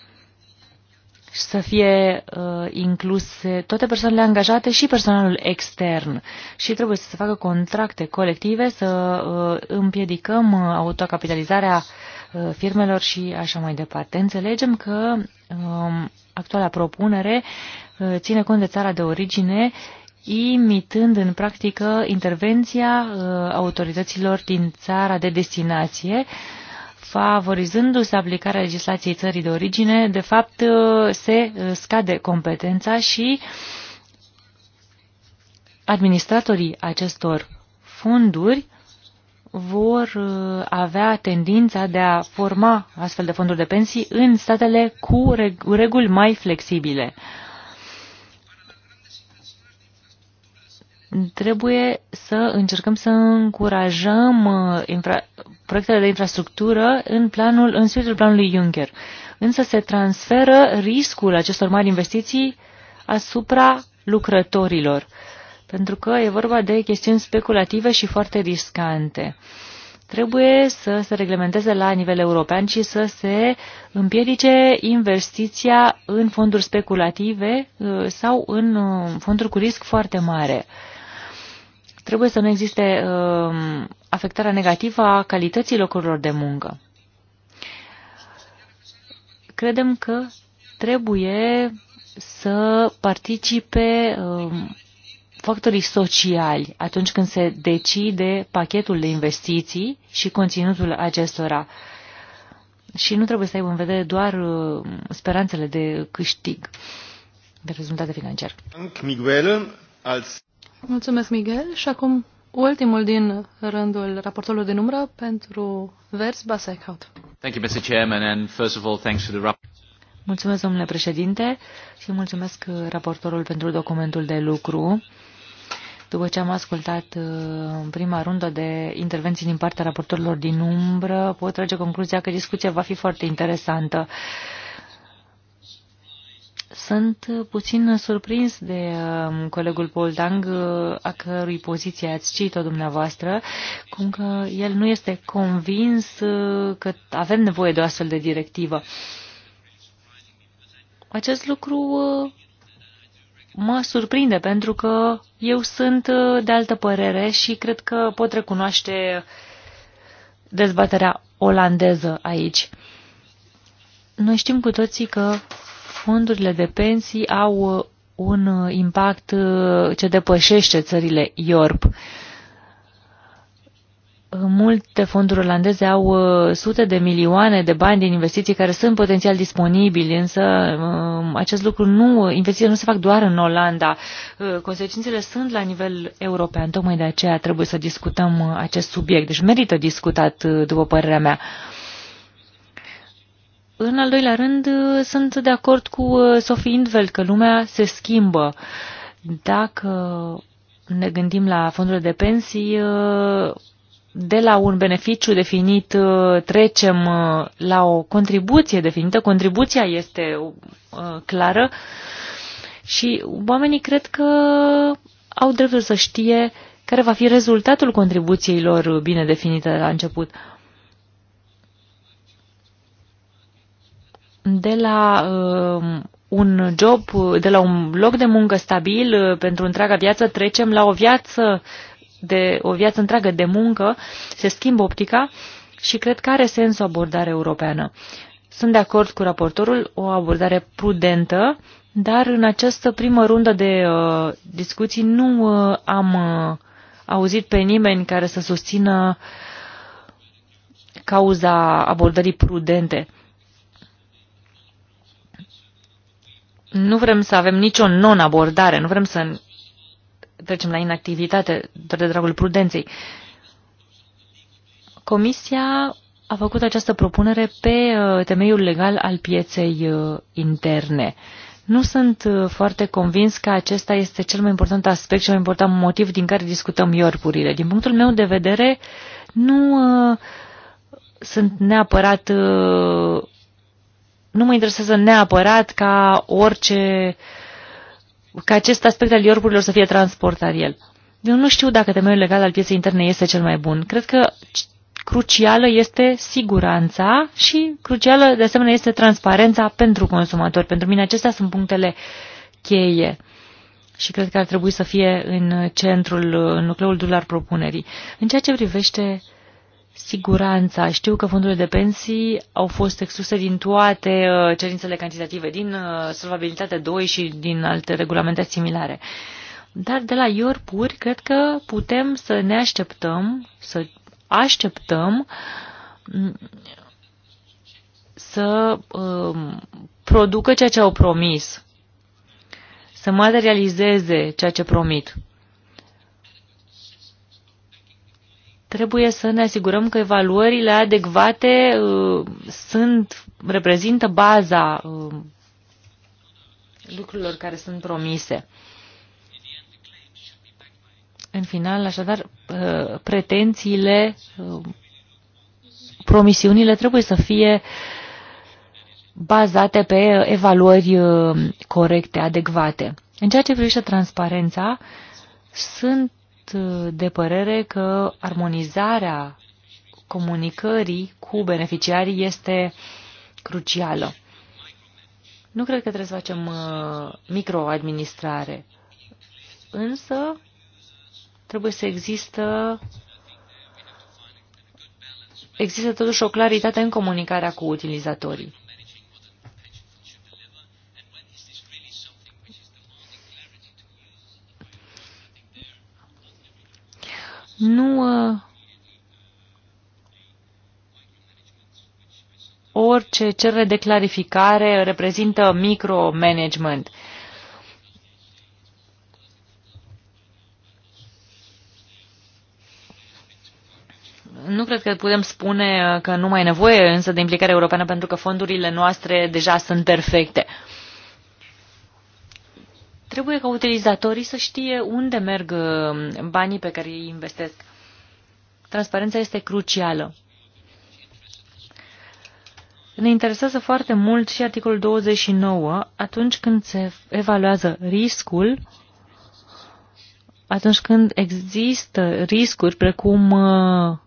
și să fie uh, incluse toate persoanele angajate și personalul extern. Și trebuie să se facă contracte colective, să uh, împiedicăm uh, autocapitalizarea uh, firmelor și așa mai departe. Înțelegem că uh, actuala propunere uh, ține cont de țara de origine, imitând în practică intervenția uh, autorităților din țara de destinație, uh, favorizându-se aplicarea legislației țării de origine, de fapt uh, se uh, scade competența și administratorii acestor fonduri vor uh, avea tendința de a forma astfel de fonduri de pensii în statele cu reguli mai flexibile. Trebuie să încercăm să încurajăm uh, infra, proiectele de infrastructură în, planul, în spiritul planului Juncker. Însă se transferă riscul acestor mari investiții asupra lucrătorilor, pentru că e vorba de chestiuni speculative și foarte riscante trebuie să se reglementeze la nivel european și să se împiedice investiția în fonduri speculative uh, sau în uh, fonduri cu risc foarte mare. Trebuie să nu existe uh, afectarea negativă a calității locurilor de muncă. Credem că trebuie să participe uh, factorii sociali atunci când se decide pachetul de investiții și conținutul acestora. Și nu trebuie să aibă în vedere doar uh, speranțele de câștig, de rezultate financiare. Miguel, als... Mulțumesc, Miguel. Și acum ultimul din rândul raportorului de numără pentru vers Basekhout. Thank you, Mr. Chairman, and first of all, thanks for the Mulțumesc, domnule președinte, și mulțumesc uh, raportorul pentru documentul de lucru. După ce am ascultat uh, în prima rundă de intervenții din partea raportorilor din umbră, pot trage concluzia că discuția va fi foarte interesantă. Sunt puțin surprins de um, colegul Paul Dang, uh, a cărui poziție ați citit-o dumneavoastră, cum că el nu este convins uh, că avem nevoie de o astfel de directivă. Acest lucru uh, mă surprinde, pentru că eu sunt de altă părere și cred că pot recunoaște dezbaterea olandeză aici. Noi știm cu toții că fondurile de pensii au uh, un uh, impact uh, ce depășește țările IORP. Multe fonduri olandeze au sute de milioane de bani din investiții care sunt potențial disponibili, însă acest lucru nu, investițiile nu se fac doar în Olanda. Consecințele sunt la nivel european, tocmai de aceea trebuie să discutăm acest subiect. Deci merită discutat, după părerea mea. În al doilea rând, uh, sunt de acord cu uh, Sophie Indveld că lumea se schimbă. Dacă ne gândim la fondurile de pensii, uh, de la un beneficiu definit trecem la o contribuție definită. Contribuția este clară și oamenii cred că au dreptul să știe care va fi rezultatul contribuției lor bine de la început. de la uh, un job, de la un loc de muncă stabil uh, pentru întreaga viață, trecem la o viață de o viață întreagă de muncă, se schimbă optica și cred că are sens o abordare europeană. Sunt de acord cu raportorul, o abordare prudentă, dar în această primă rundă de uh, discuții nu uh, am uh, auzit pe nimeni care să susțină cauza abordării prudente. nu vrem să avem nicio non-abordare, nu vrem să trecem la inactivitate doar de dragul prudenței. Comisia a făcut această propunere pe uh, temeiul legal al pieței uh, interne. Nu sunt uh, foarte convins că acesta este cel mai important aspect, cel mai important motiv din care discutăm iorpurile. Din punctul meu de vedere, nu uh, sunt neapărat uh, nu mă interesează neapărat ca orice, ca acest aspect al iorburilor să fie transportat el. Eu nu știu dacă temeiul legal al pieței interne este cel mai bun. Cred că crucială este siguranța și crucială de asemenea este transparența pentru consumatori. Pentru mine acestea sunt punctele cheie și cred că ar trebui să fie în centrul, în nucleul dular propunerii. În ceea ce privește uh, Siguranța. Știu că fondurile de pensii au fost excluse din toate uh, cerințele cantitative, din uh, solvabilitate 2 și din alte regulamente similare. Dar de la IORPURI cred că putem să ne așteptăm, să așteptăm mm, să um, producă ceea ce au promis, să materializeze ceea ce promit. trebuie să ne asigurăm că evaluările adecvate uh, sunt, reprezintă baza uh, lucrurilor care sunt promise. În final, așadar, uh, pretențiile, uh, promisiunile trebuie să fie bazate pe evaluări uh, corecte, adecvate. În ceea ce privește transparența, sunt de părere că armonizarea comunicării cu beneficiarii este crucială. Nu cred că trebuie să facem uh, microadministrare, însă trebuie să există există totuși o claritate în comunicarea cu utilizatorii. nu uh, orice cerere de clarificare reprezintă micromanagement. Nu cred că putem spune uh, că nu mai e nevoie însă de implicare europeană pentru că fondurile noastre deja sunt perfecte. Uh, Trebuie ca utilizatorii să știe unde merg uh, banii pe care îi investesc. Transparența este crucială. Ne interesează foarte mult și articolul 29 atunci când se evaluează riscul, atunci când există riscuri precum uh,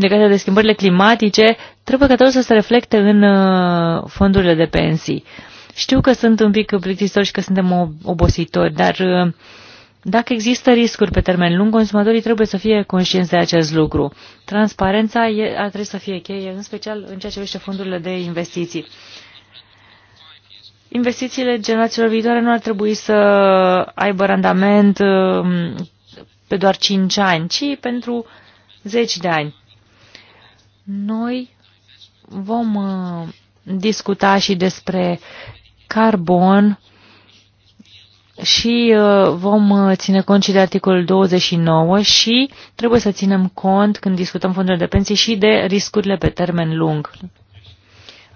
legate de schimbările climatice trebuie ca totul să se reflecte în uh, fondurile de pensii. Știu că sunt un pic plictisori și că suntem obositori, dar uh, dacă există riscuri pe termen lung, consumatorii trebuie să fie conștienți de acest lucru. Transparența e, ar trebui să fie cheie, în special în ceea ce privește fondurile de investiții. Investițiile generațiilor viitoare nu ar trebui să aibă randament um, pe doar 5 ani, ci pentru 10 de ani. Noi vom uh, discuta și despre carbon și uh, vom uh, ține cont și de articolul 29 și trebuie să ținem cont când discutăm fondurile de pensii și de riscurile pe termen lung.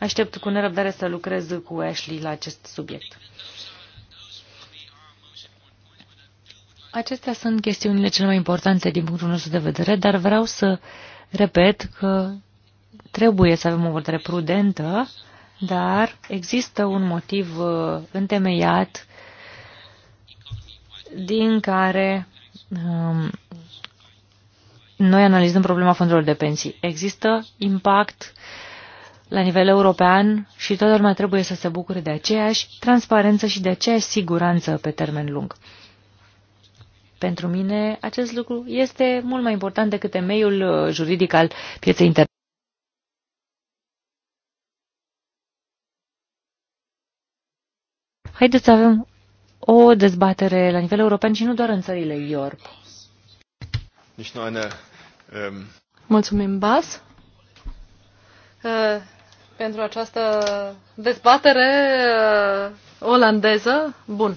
Aștept cu nerăbdare să lucrez cu Ashley la acest subiect. Acestea sunt chestiunile cele mai importante din punctul nostru de vedere, dar vreau să uh, Repet că trebuie să avem o abordare prudentă, dar există un motiv uh, întemeiat din care um, noi analizăm problema fondurilor de pensii. Există impact la nivel european și toată lumea trebuie să se bucure de aceeași transparență și de aceeași siguranță pe termen lung. Pentru mine acest lucru este mult mai important decât temeiul uh, juridic al pieței interne. Haideți să avem o dezbatere la nivel european și nu doar în țările IORP. Ähm, Mulțumim, Bas, uh, pentru această dezbatere uh, olandeză. Bun.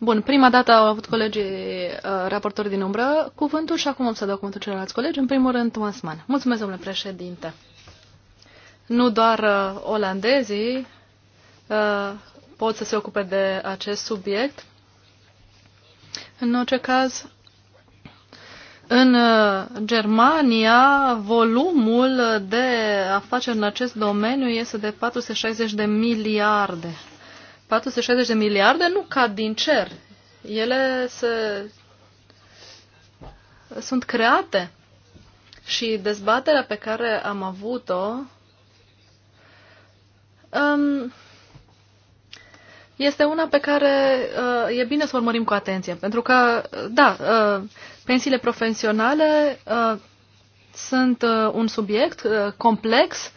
Bun, prima dată au avut colegii uh, raportori din umbră cuvântul și acum o să dau cuvântul celorlalți colegi. În primul rând, Thomas Mann. Mulțumesc, domnule președinte. Nu doar uh, olandezii uh, pot să se ocupe de acest subiect. În orice caz, în uh, Germania, volumul de afaceri în acest domeniu este de 460 de miliarde 460 de miliarde nu cad din cer. Ele se, sunt create. Și dezbaterea pe care am avut-o um, este una pe care uh, e bine să urmărim cu atenție. Pentru că, da, uh, pensiile profesionale uh, sunt uh, un subiect uh, complex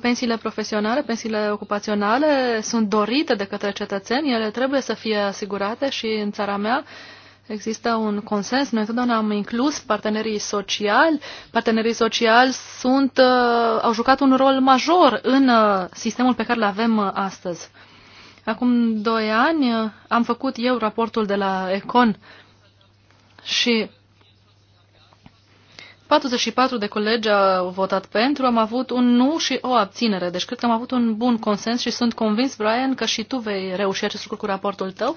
Pensiile profesionale, pensiile ocupaționale sunt dorite de către cetățeni, ele trebuie să fie asigurate și în țara mea există un consens. Noi întotdeauna am inclus partenerii sociali. Partenerii sociali sunt, uh, au jucat un rol major în uh, sistemul pe care îl avem uh, astăzi. Acum doi ani am făcut eu raportul de la Econ și 44 de colegi au votat pentru, am avut un nu și o abținere. Deci cred că am avut un bun consens și sunt convins, Brian, că și tu vei reuși acest lucru cu raportul tău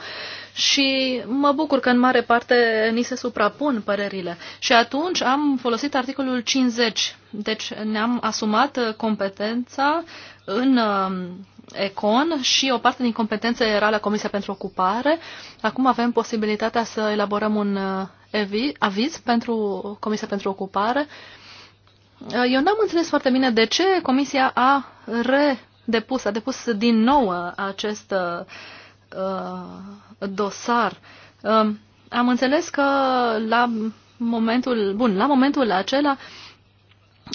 și mă bucur că în mare parte ni se suprapun părerile. Și atunci am folosit articolul 50. Deci ne-am asumat competența în um, Econ și o parte din competență era la Comisia pentru Ocupare. Acum avem posibilitatea să elaborăm un uh, aviz pentru Comisia pentru Ocupare. Eh, eu n-am înțeles foarte bine de ce Comisia a redepus, a depus din nou eh, acest uh, dosar. Uh, am înțeles că la momentul, bun, la momentul acela,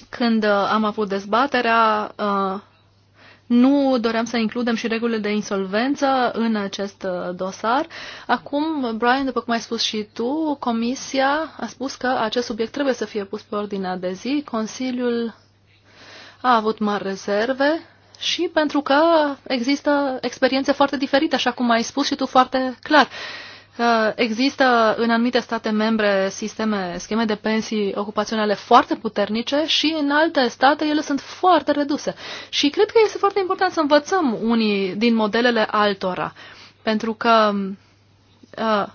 când am avut dezbaterea, uh, nu doream să includem și regulile de insolvență în acest uh, dosar. Acum, Brian, după cum ai spus și tu, Comisia a spus că acest subiect trebuie să fie pus pe ordinea de zi. Consiliul a avut mari rezerve și pentru că există experiențe foarte diferite, așa cum ai spus și tu foarte clar. Uh, Uh, există în anumite state membre sisteme, scheme de pensii ocupaționale foarte puternice și în alte state ele sunt foarte reduse. Și cred că este foarte important să învățăm unii din modelele altora, pentru că uh,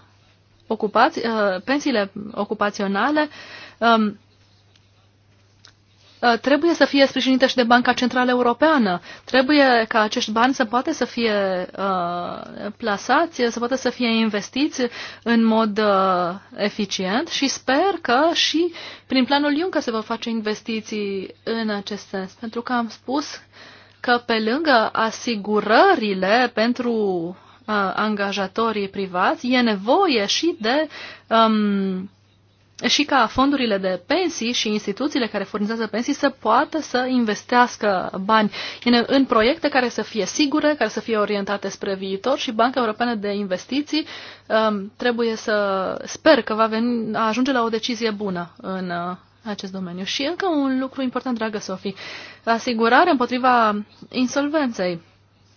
ocupați, uh, pensiile ocupaționale um, Uh, trebuie să fie sprijinite și de Banca Centrală Europeană. Trebuie ca acești bani să poată să fie uh, plasați, să poată să fie investiți în mod uh, eficient și sper că și prin planul Juncker se vor face investiții în acest sens. Pentru că am spus că pe lângă asigurările pentru uh, angajatorii privați e nevoie și de um, și ca fondurile de pensii și instituțiile care furnizează pensii să poată să investească bani în, în proiecte care să fie sigure, care să fie orientate spre viitor și Banca Europeană de Investiții um, trebuie să sper că va veni, a ajunge la o decizie bună în uh, acest domeniu. Și încă un lucru important, dragă Sofie, asigurare împotriva insolvenței.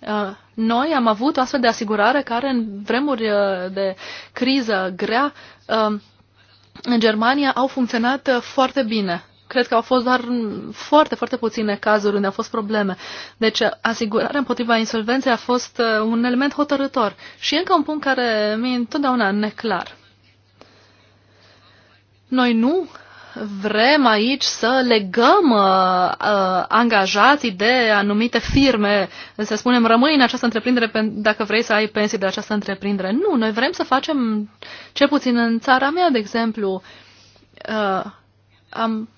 Uh, noi am avut o astfel de asigurare care în vremuri uh, de criză grea um, în Germania au funcționat uh, foarte bine. Cred că au fost doar foarte, foarte puține cazuri unde au fost probleme. Deci uh, asigurarea împotriva insolvenței a fost uh, un element hotărător. Și încă un punct care mi-e întotdeauna neclar. Noi nu vrem aici să legăm uh, uh, angajații de anumite firme, să spunem, rămâi în această întreprindere dacă vrei să ai pensii de această întreprindere. Nu, noi vrem să facem, cel puțin în țara mea, de exemplu, uh, am,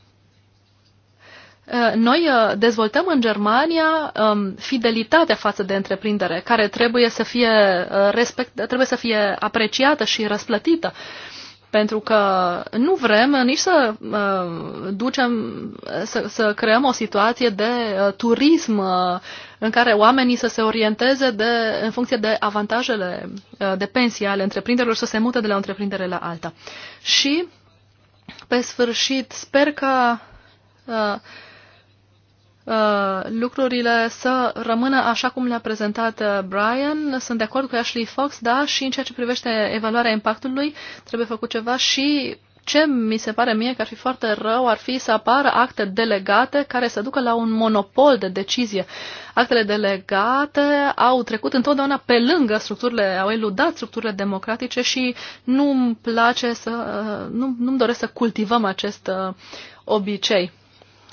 uh, noi uh, dezvoltăm în Germania um, fidelitatea față de întreprindere, care trebuie să fie, uh, respect, trebuie să fie apreciată și răsplătită. Uh, pentru că nu vrem nici să uh, ducem, să, să creăm o situație de uh, turism uh, în care oamenii să se orienteze de, în funcție de avantajele uh, de pensie ale întreprinderilor, să se mute de la o întreprindere la alta. Și, pe sfârșit, sper că uh, Uh, lucrurile să rămână așa cum le-a prezentat uh, Brian. Sunt de acord cu Ashley Fox, da, și în ceea ce privește evaluarea impactului trebuie făcut ceva și ce mi se pare mie că ar fi foarte rău ar fi să apară acte delegate care să ducă la un monopol de decizie. Actele delegate au trecut întotdeauna pe lângă structurile, au eludat structurile democratice și nu-mi place să, uh, nu, nu-mi doresc să cultivăm acest obicei.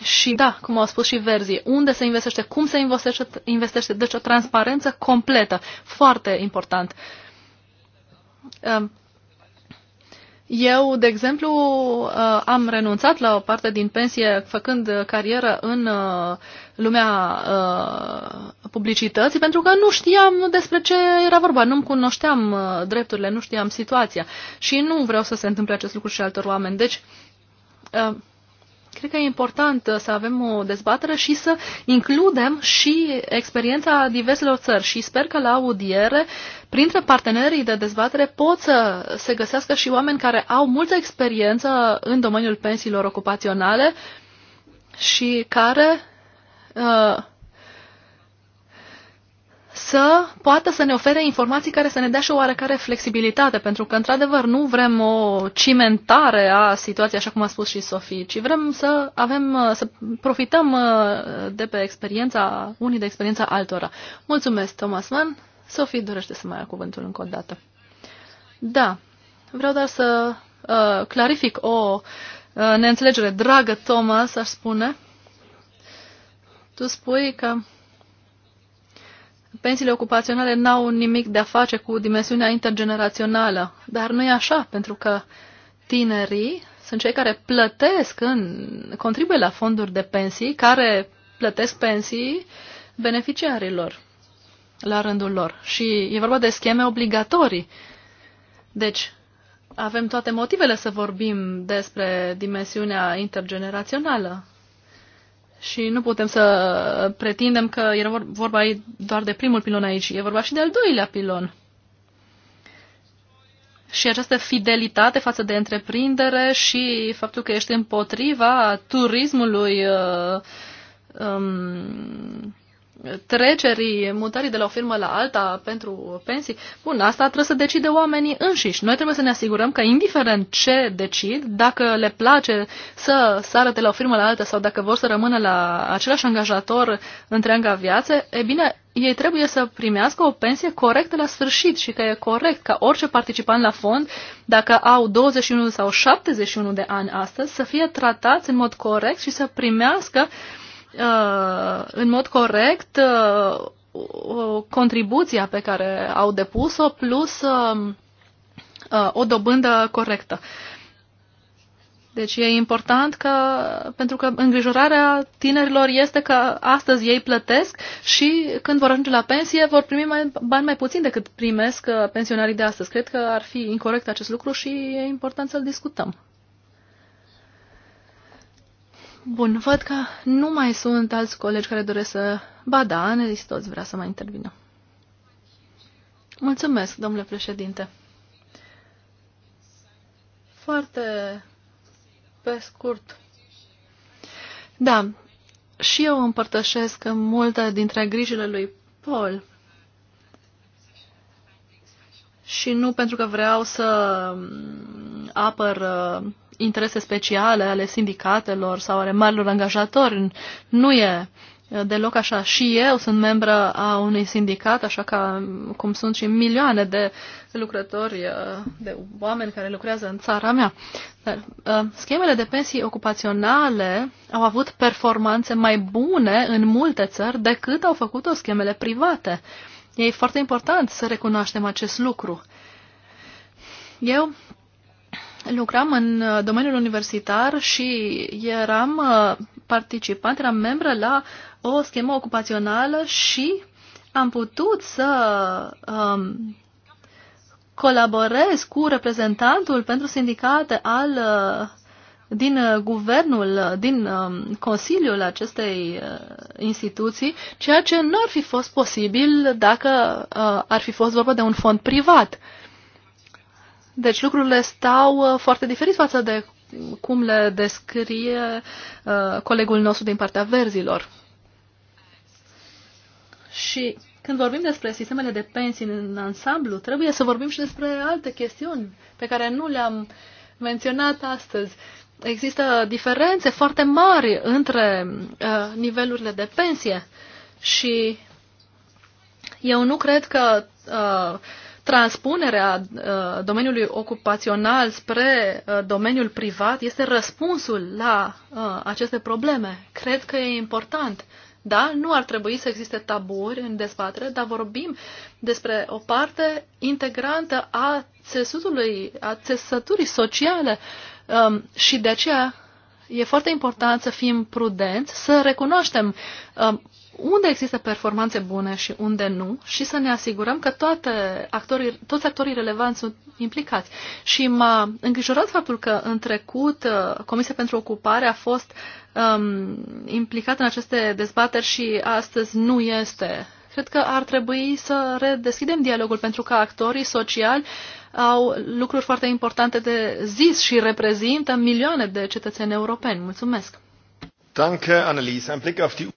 Și da, cum au spus și verzii, unde se investește, cum se investește, investește deci o transparență completă, foarte important. Ehm, eu, de exemplu, ehm, am renunțat la o parte din pensie făcând carieră în ehm, lumea publicității pentru că nu știam despre ce era vorba, nu-mi cunoșteam drepturile, nu știam situația și nu vreau să se întâmple acest lucru și altor oameni. Deci, Cred că e important uh, să avem o dezbatere și să includem și experiența diverselor țări și sper că la audiere, printre partenerii de dezbatere, pot să se găsească și oameni care au multă experiență în domeniul pensiilor ocupaționale și care uh, să poată să ne ofere informații care să ne dea și o oarecare flexibilitate, pentru că, într-adevăr, nu vrem o cimentare a situației, așa cum a spus și Sofie, ci vrem să avem, uh, să profităm uh, de pe experiența, unii de experiența altora. Mulțumesc, Thomas Mann. Sofie dorește să mai ia cuvântul încă o dată. Da, vreau doar să uh, clarific o uh, neînțelegere. Dragă Thomas, aș spune, tu spui că pensiile ocupaționale n-au nimic de a face cu dimensiunea intergenerațională, dar nu e așa, pentru că tinerii sunt cei care plătesc, în, contribuie la fonduri de pensii, care plătesc pensii beneficiarilor la rândul lor. Și e vorba de scheme obligatorii. Deci, avem toate motivele să vorbim despre dimensiunea intergenerațională. Și nu putem să pretindem că era vorba doar de primul pilon aici, e vorba și de al doilea pilon. Și această fidelitate față de întreprindere și faptul că ești împotriva turismului uh, um, trecerii, mutării de la o firmă la alta pentru pensii, bun, asta trebuie să decide oamenii înșiși. Noi trebuie să ne asigurăm că, indiferent ce decid, dacă le place să sară de la o firmă la alta sau dacă vor să rămână la același angajator întreaga viață, e bine, ei trebuie să primească o pensie corectă la sfârșit și că e corect ca orice participant la fond, dacă au 21 sau 71 de ani astăzi, să fie tratați în mod corect și să primească uh, Uh, în mod corect uh, contribuția pe care au depus-o plus um, uh, o dobândă corectă. Deci e important că, pentru că îngrijorarea tinerilor este că astăzi ei plătesc și când vor ajunge la pensie vor primi mai, bani mai puțin decât primesc pensionarii de astăzi. Cred că ar fi incorrect acest lucru și e important să-l discutăm. Bun, văd că nu mai sunt alți colegi care doresc să... Ba da, Anelis toți vrea să mai intervină. Mulțumesc, domnule președinte. Foarte pe scurt. Da, și eu împărtășesc multe dintre grijile lui Paul. Și nu pentru că vreau să mm, apăr uh, interese speciale ale sindicatelor sau ale marilor angajatori. Nu e deloc așa. Și eu sunt membră a unui sindicat, așa ca cum sunt și milioane de lucrători, de oameni care lucrează în țara mea. Dar uh, schemele de pensii ocupaționale au avut performanțe mai bune în multe țări decât au făcut-o schemele private. E foarte important să recunoaștem acest lucru. Eu lucram în uh, domeniul universitar și eram uh, participant, eram membră la o schemă ocupațională și am putut să um, colaborez cu reprezentantul pentru sindicate al uh, din guvernul, din um, consiliul acestei instituții, ceea ce nu ar fi fost posibil dacă ar fi fost vorba de un fond privat. Deci lucrurile stau uh, foarte diferit față de cum le descrie uh, colegul nostru din partea verzilor. Și când vorbim despre sistemele de pensii în ansamblu, trebuie să vorbim și despre alte chestiuni pe care nu le-am menționat astăzi. Există diferențe foarte mari între uh, nivelurile de pensie și eu nu cred că uh, Transpunerea uh, domeniului ocupațional spre uh, domeniul privat este răspunsul la uh, aceste probleme. Cred că e important. Da, nu ar trebui să existe taburi în dezbatere, dar vorbim despre o parte integrantă a țesutului, a țesăturii sociale um, și de aceea e foarte important să fim prudenți, să recunoaștem um, unde există performanțe bune și unde nu și să ne asigurăm că toate actorii, toți actorii relevanți sunt implicați. Și m-a îngrijorat faptul că în trecut uh, Comisia pentru Ocupare a fost um, implicată în aceste dezbateri și astăzi nu este. Cred că ar trebui să redeschidem dialogul pentru că actorii sociali au lucruri foarte importante de zis și reprezintă milioane de cetățeni europeni. Mulțumesc! Danke, Annelies. Ein Blick auf die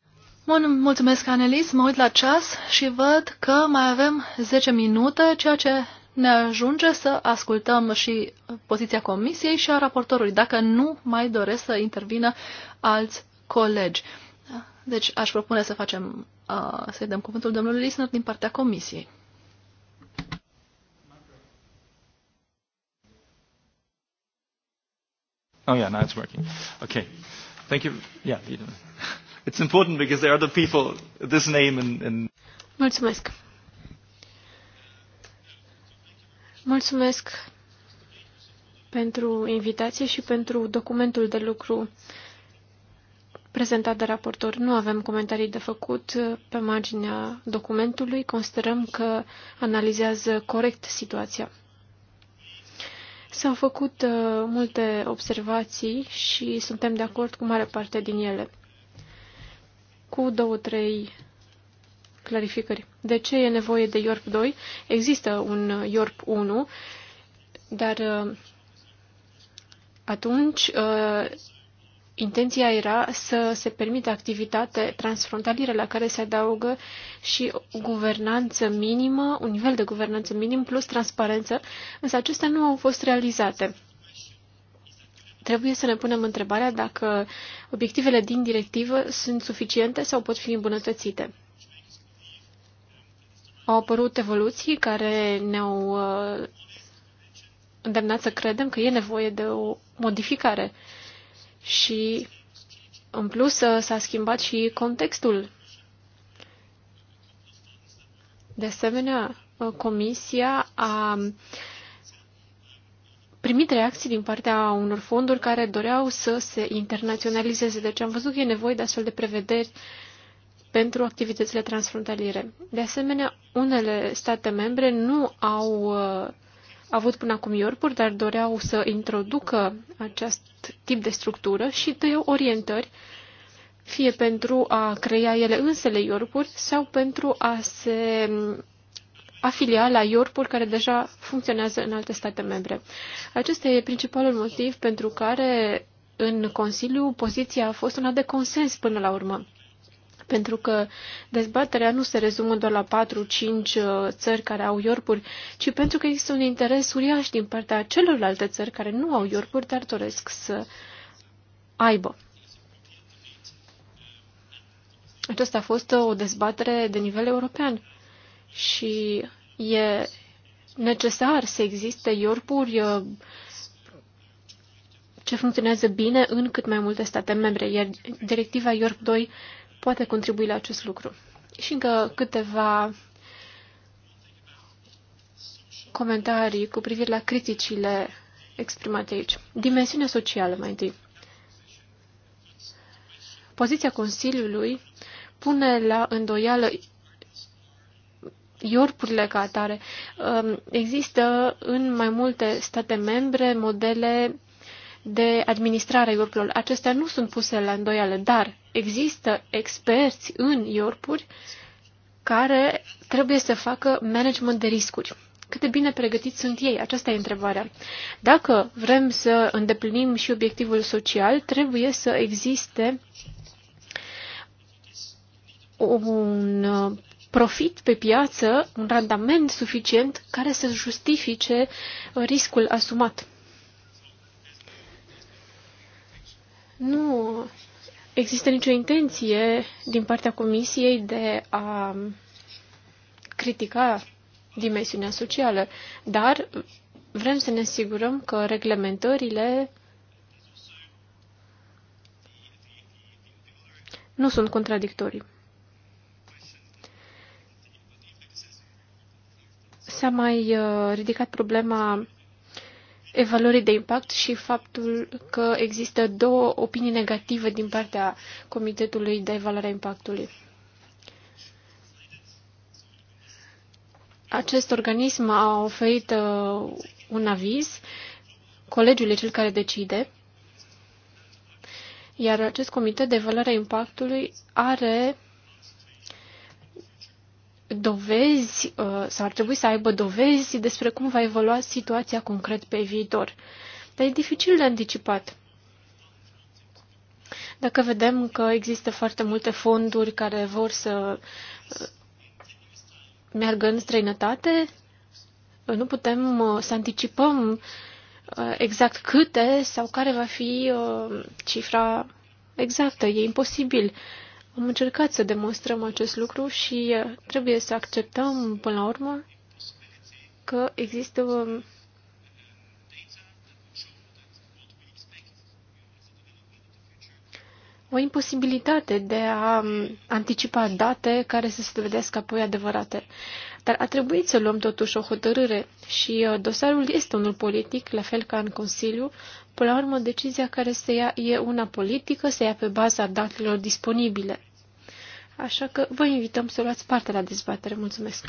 Mulțumesc, Anelis. Mă uit la ceas și văd că mai avem 10 minute, ceea ce ne ajunge să ascultăm și poziția comisiei și a raportorului, dacă nu mai doresc să intervină alți colegi. Deci aș propune să facem, să-i dăm cuvântul domnului Lisner din partea comisiei. Oh yeah, now it's working. Okay. Thank you. Yeah, you it's important because there are other people this name and, and Mulțumesc. Mulțumesc pentru invitație și pentru documentul de lucru prezentat de raportor. Nu avem comentarii de făcut pe marginea documentului. Considerăm că analizează corect situația. S-au făcut uh, multe observații și suntem de acord cu mare parte din ele cu două, trei clarificări. De ce e nevoie de IORP 2? Există un IORP 1, dar uh, atunci uh, intenția era să se permită activitate transfrontalieră la care se adaugă și guvernanță minimă, un nivel de guvernanță minim plus transparență, însă acestea nu au fost realizate. Trebuie să ne punem întrebarea dacă obiectivele din directivă sunt suficiente sau pot fi îmbunătățite. Au apărut evoluții care ne-au uh, îndemnat să credem că e nevoie de o modificare. Și, în plus, uh, s-a schimbat și contextul. De asemenea, uh, Comisia a primit reacții din partea unor fonduri care doreau să se internaționalizeze. Deci am văzut că e nevoie de astfel de prevederi pentru activitățile transfrontaliere. De asemenea, unele state membre nu au uh, avut până acum iorpuri, dar doreau să introducă acest tip de structură și dă orientări, fie pentru a crea ele însele iorpuri sau pentru a se afilia la iorp care deja funcționează în alte state membre. Acesta e principalul motiv pentru care în Consiliu poziția a fost una de consens până la urmă. Pentru că dezbaterea nu se rezumă doar la 4-5 uh, țări care au iorpuri, ci pentru că există un interes uriaș din partea celorlalte țări care nu au iorpuri, dar doresc să aibă. Aceasta a fost uh, o dezbatere de nivel european și e necesar să existe iorpuri uh, ce funcționează bine în cât mai multe state membre, iar directiva IORP 2 poate contribui la acest lucru. Și încă câteva comentarii cu privire la criticile exprimate aici. Dimensiunea socială mai întâi. Poziția Consiliului pune la îndoială iorpurile ca atare. Um, există în mai multe state membre modele de administrare a iorpurilor. Acestea nu sunt puse la îndoială, dar există experți în iorpuri care trebuie să facă management de riscuri. Cât de bine pregătiți sunt ei? Aceasta e întrebarea. Dacă vrem să îndeplinim și obiectivul social, trebuie să existe un uh, profit pe piață, un randament suficient care să justifice uh, riscul asumat. Nu există nicio intenție din partea Comisiei de a critica dimensiunea socială, dar vrem să ne asigurăm că reglementările nu sunt contradictorii. S-a mai uh, ridicat problema evaluării de impact și faptul că există două opinii negative din partea Comitetului de Evaluare a Impactului. Acest organism a oferit uh, un aviz, colegiului cel care decide, iar acest comitet de evaluare a impactului are dovezi uh, sau ar trebui să aibă dovezi despre cum va evolua situația concret pe viitor. Dar e dificil de anticipat. Dacă vedem că există foarte multe fonduri care vor să uh, meargă în străinătate, uh, nu putem să anticipăm exact câte sau care va fi cifra exactă. E imposibil. Am încercat să demonstrăm acest lucru și trebuie să acceptăm, până la urmă, că există o imposibilitate de a anticipa date care să se dovedească apoi adevărate. Dar a trebuit să luăm totuși o hotărâre și dosarul este unul politic, la fel ca în Consiliu, Până la urmă, decizia care se ia e una politică, se ia pe baza datelor disponibile. Așa că vă invităm să luați parte la dezbatere. Mulțumesc!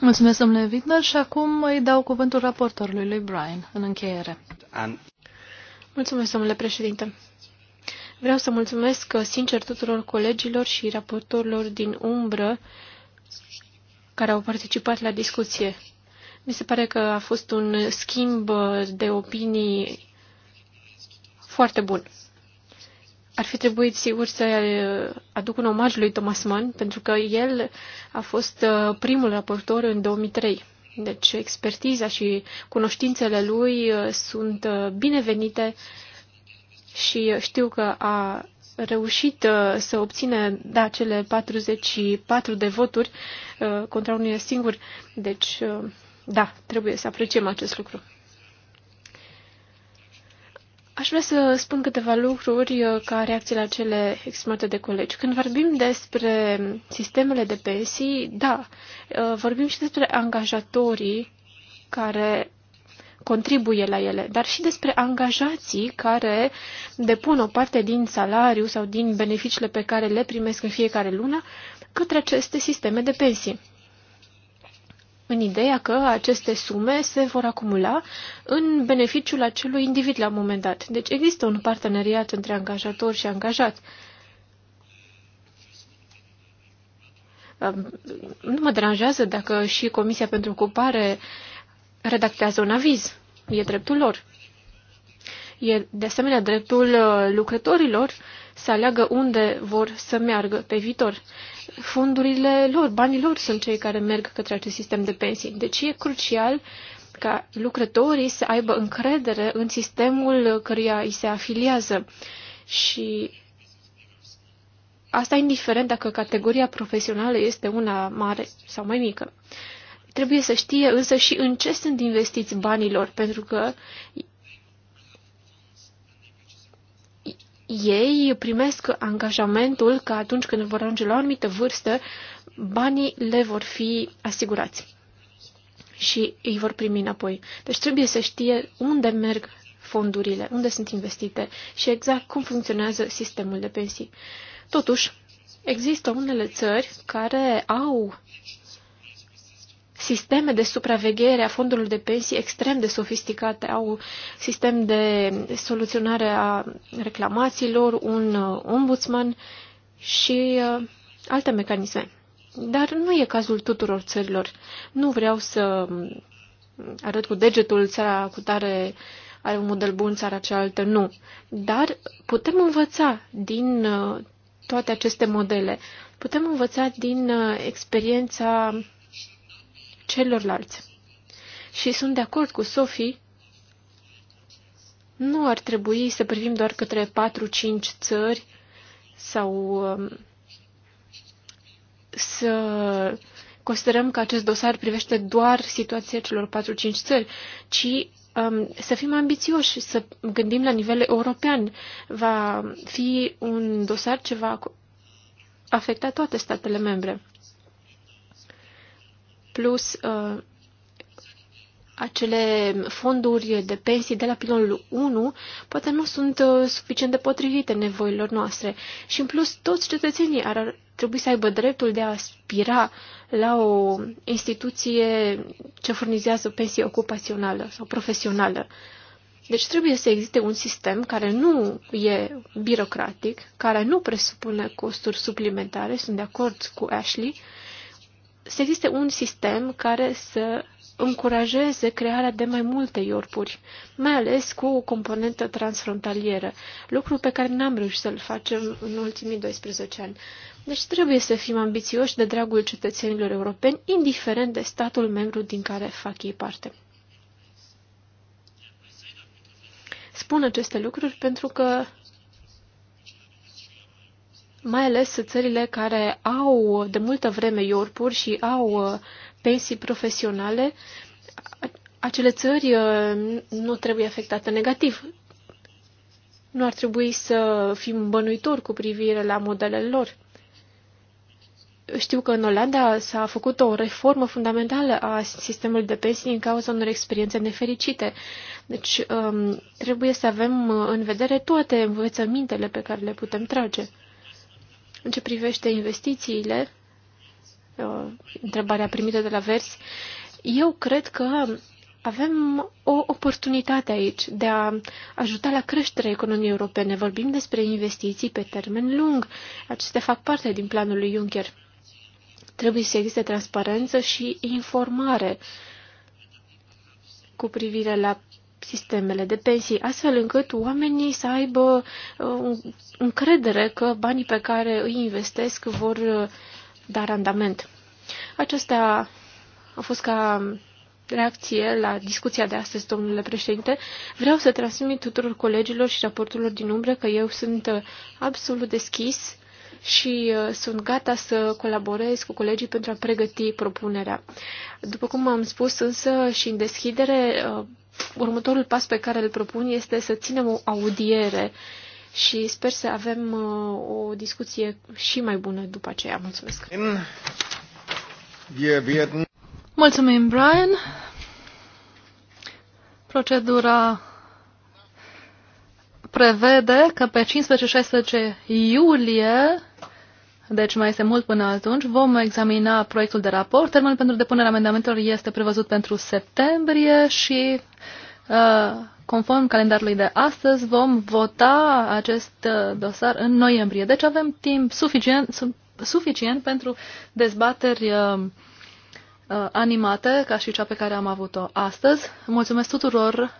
Mulțumesc, domnule Wittner, și acum îi dau cuvântul raportorului lui Brian în încheiere. Mulțumesc, domnule președinte! Vreau să mulțumesc sincer tuturor colegilor și raportorilor din umbră care au participat la discuție. Mi se pare că a fost un schimb de opinii foarte bun. Ar fi trebuit, sigur, să aduc un omaj lui Thomas Mann, pentru că el a fost uh, primul raportor în 2003. Deci expertiza și cunoștințele lui uh, sunt uh, binevenite și știu că a reușit să obține da, cele 44 de voturi contra unui singur. Deci da, trebuie să apreciem acest lucru. Aș vrea să spun câteva lucruri uh, ca reacție la cele exprimate de colegi. Când vorbim despre sistemele de pensii, da, uh, vorbim și despre angajatorii care contribuie la ele, dar și despre angajații care depun o parte din salariu sau din beneficiile pe care le primesc în fiecare lună către aceste sisteme de pensii în ideea că aceste sume se vor acumula în beneficiul acelui individ la un moment dat. Deci există un parteneriat între angajator și angajat. Nu mă deranjează dacă și Comisia pentru Ocupare redactează un aviz. E dreptul lor. E de asemenea dreptul uh, lucrătorilor să aleagă unde vor să meargă pe viitor fondurile lor, banii lor sunt cei care merg către acest sistem de pensii. Deci e crucial ca lucrătorii să aibă încredere în sistemul căruia îi se afiliază. Și asta indiferent dacă categoria profesională este una mare sau mai mică. Trebuie să știe însă și în ce sunt investiți banilor, pentru că ei primesc angajamentul că atunci când vor ajunge la o anumită vârstă, banii le vor fi asigurați și îi vor primi înapoi. Deci trebuie să știe unde merg fondurile, unde sunt investite și exact cum funcționează sistemul de pensii. Totuși, există unele țări care au sisteme de supraveghere a fondurilor de pensii extrem de sofisticate, au sistem de soluționare a reclamațiilor, un uh, ombudsman și uh, alte mecanisme. Dar nu e cazul tuturor țărilor. Nu vreau să um, arăt cu degetul țara cu tare are un model bun, țara cealaltă nu. Dar putem învăța din uh, toate aceste modele. Putem învăța din experiența celorlalți. Și sunt de acord cu Sophie, nu ar trebui să privim doar către 4-5 țări sau um, să considerăm că acest dosar privește doar situația celor 4-5 țări, ci um, să fim ambițioși, să gândim la nivel european. Va fi un dosar ce va afecta toate statele membre plus uh, acele fonduri de pensii de la pilonul 1 poate nu sunt uh, suficient de potrivite nevoilor noastre. Și în plus, toți cetățenii ar trebui să aibă dreptul de a aspira la o instituție ce furnizează pensie ocupațională sau profesională. Deci trebuie să existe un sistem care nu e birocratic, care nu presupune costuri suplimentare, sunt de acord cu Ashley, să existe un sistem care să încurajeze crearea de mai multe iorpuri, mai ales cu o componentă transfrontalieră, lucru pe care n-am reușit să-l facem în ultimii 12 ani. Deci trebuie să fim ambițioși de dragul cetățenilor europeni, indiferent de statul membru din care fac ei parte. Spun aceste lucruri pentru că mai ales țările care au de multă vreme iorpuri și au uh, pensii profesionale, acele țări uh, nu trebuie afectate negativ. Nu ar trebui să fim bănuitori cu privire la modelele lor. Știu că în Olanda s-a făcut o reformă fundamentală a sistemului de pensii din cauza unor experiențe nefericite. Deci um, trebuie să avem în vedere toate învățămintele pe care le putem trage. În ce privește investițiile, întrebarea primită de la Vers, eu cred că avem o oportunitate aici de a ajuta la creșterea economiei europene. Vorbim despre investiții pe termen lung. Acestea fac parte din planul lui Juncker. Trebuie să existe transparență și informare cu privire la sistemele de pensii, astfel încât oamenii să aibă uh, încredere că banii pe care îi investesc vor uh, da randament. Aceasta a fost ca reacție la discuția de astăzi, domnule președinte. Vreau să transmit tuturor colegilor și raporturilor din umbră că eu sunt uh, absolut deschis și sunt gata să colaborez cu colegii pentru a pregăti propunerea. După cum am spus însă și în deschidere, următorul pas pe care îl propun este să ținem o audiere și sper să avem uh, o discuție și mai bună după aceea. Mulțumesc! Mulțumim, Brian! Procedura prevede că pe 15-16 iulie deci mai este mult până atunci. Vom examina proiectul de raport. Termenul pentru depunerea amendamentelor este prevăzut pentru septembrie și uh, conform calendarului de astăzi vom vota acest uh, dosar în noiembrie. Deci avem timp suficient, suficient pentru dezbateri uh, animate, ca și cea pe care am avut-o astăzi. Mulțumesc tuturor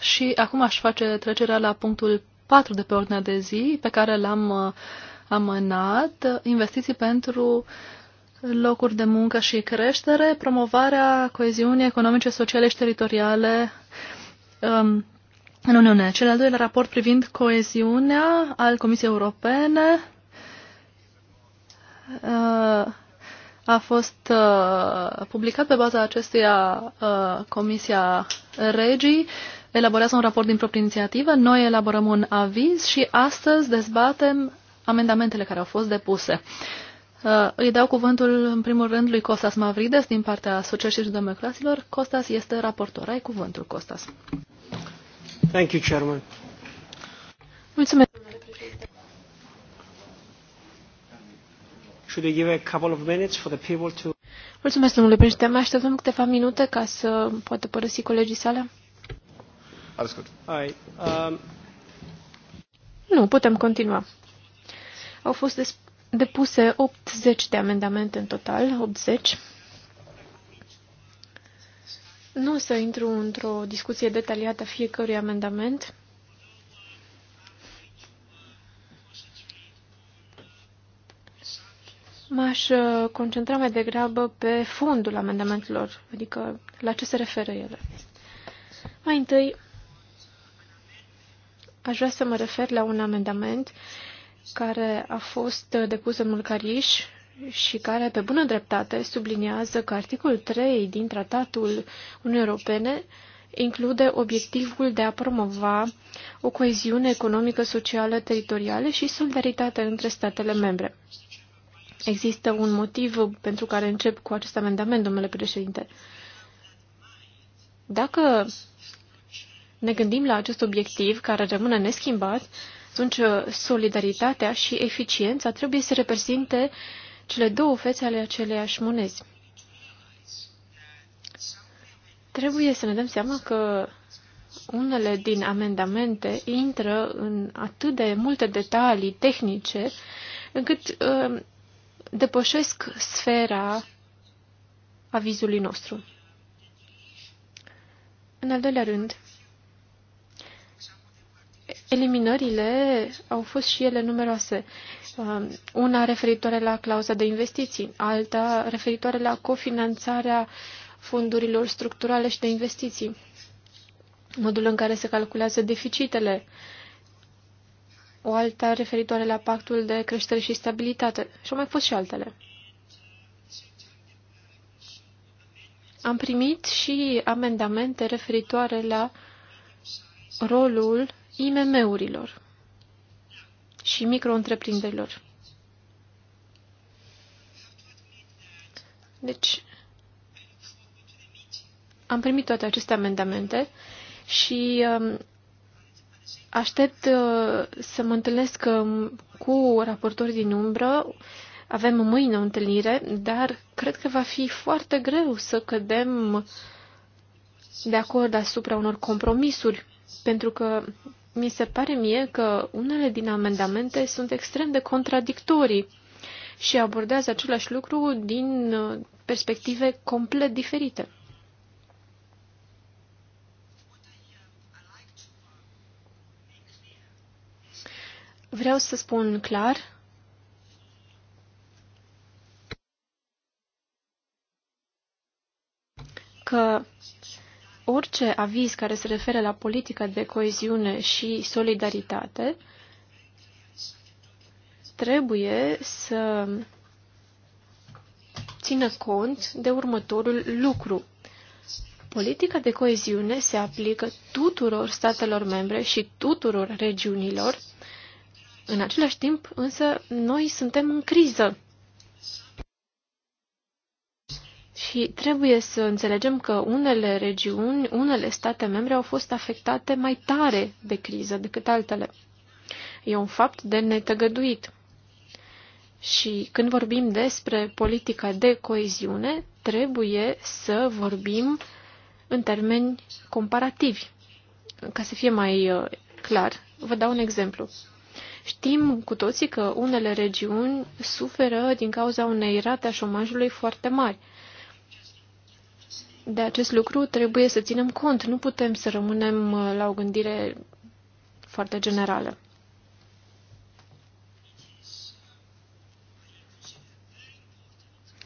și acum aș face trecerea la punctul 4 de pe ordinea de zi, pe care l-am uh, amânat investiții pentru locuri de muncă și creștere, promovarea coeziunii economice, sociale și teritoriale um, în Uniune. Cel al doilea raport privind coeziunea al Comisiei Europene uh, a fost uh, publicat pe baza acestuia uh, Comisia Regii, elaborează un raport din proprie inițiativă, noi elaborăm un aviz și astăzi dezbatem amendamentele care au fost depuse. Uh, îi dau cuvântul, în primul rând, lui Costas Mavrides din partea Asociației Democraților. Costas este raportor. Ai cuvântul, Costas. Thank you, Chairman. Mulțumesc. Should I give a couple of minutes for the people to... Mulțumesc, domnule președinte. Mai așteptăm câteva minute ca să poată părăsi colegii sale. Alles gut. um... Nu, putem continua. Au fost depuse 80 de amendamente în total, 80. Nu o să intru într-o discuție detaliată a fiecărui amendament. M-aș uh, concentra mai degrabă pe fondul amendamentelor, adică la ce se referă ele. Mai întâi, aș vrea să mă refer la un amendament care a fost depus în Mulcariș și care, pe bună dreptate, subliniază că articolul 3 din Tratatul Uniunii Europene include obiectivul de a promova o coeziune economică, socială, teritorială și solidaritate între statele membre. Există un motiv pentru care încep cu acest amendament, domnule președinte. Dacă ne gândim la acest obiectiv care rămâne neschimbat, atunci, uh, solidaritatea și eficiența trebuie să reprezinte cele două fețe ale aceleiași monezi. Trebuie să ne dăm seama că unele din amendamente intră în atât de multe detalii tehnice încât uh, depășesc sfera avizului nostru. În al doilea rând, Eliminările au fost și ele numeroase. Um, una referitoare la clauza de investiții, alta referitoare la cofinanțarea fondurilor structurale și de investiții, modul în care se calculează deficitele, o alta referitoare la pactul de creștere și stabilitate și au mai fost și altele. Am primit și amendamente referitoare la rolul IMM-urilor și micro-întreprinderilor. Deci, am primit toate aceste amendamente și um, aștept uh, să mă întâlnesc um, cu raportori din umbră. Avem mâine o întâlnire, dar cred că va fi foarte greu să cădem de acord asupra unor compromisuri, pentru că mi se pare mie că unele din amendamente sunt extrem de contradictorii și abordează același lucru din uh, perspective complet diferite. Vreau să spun clar că orice aviz care se referă la politica de coeziune și solidaritate trebuie să țină cont de următorul lucru. Politica de coeziune se aplică tuturor statelor membre și tuturor regiunilor. În același timp, însă, noi suntem în criză Și trebuie să înțelegem că unele regiuni, unele state membre au fost afectate mai tare de criză decât altele. E un fapt de netăgăduit. Și când vorbim despre politica de coeziune, trebuie să vorbim în termeni comparativi. Ca să fie mai uh, clar, vă dau un exemplu. Știm cu toții că unele regiuni suferă din cauza unei rate a șomajului foarte mari – de acest lucru trebuie să ținem cont. Nu putem să rămânem uh, la o gândire foarte generală.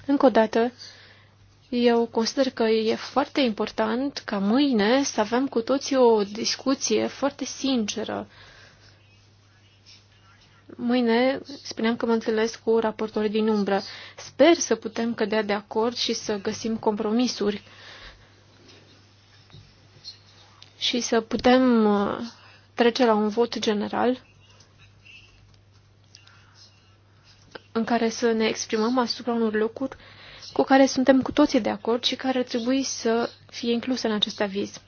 Încă o dată, eu consider că e foarte important ca mâine să avem cu toții o discuție foarte sinceră. Mâine spuneam că mă întâlnesc cu raportorii din umbră. Sper să putem cădea de acord și să găsim compromisuri și să putem uh, trece la un vot general în care să ne exprimăm asupra unor lucruri cu care suntem cu toții de acord și care ar trebui să fie incluse în acest aviz.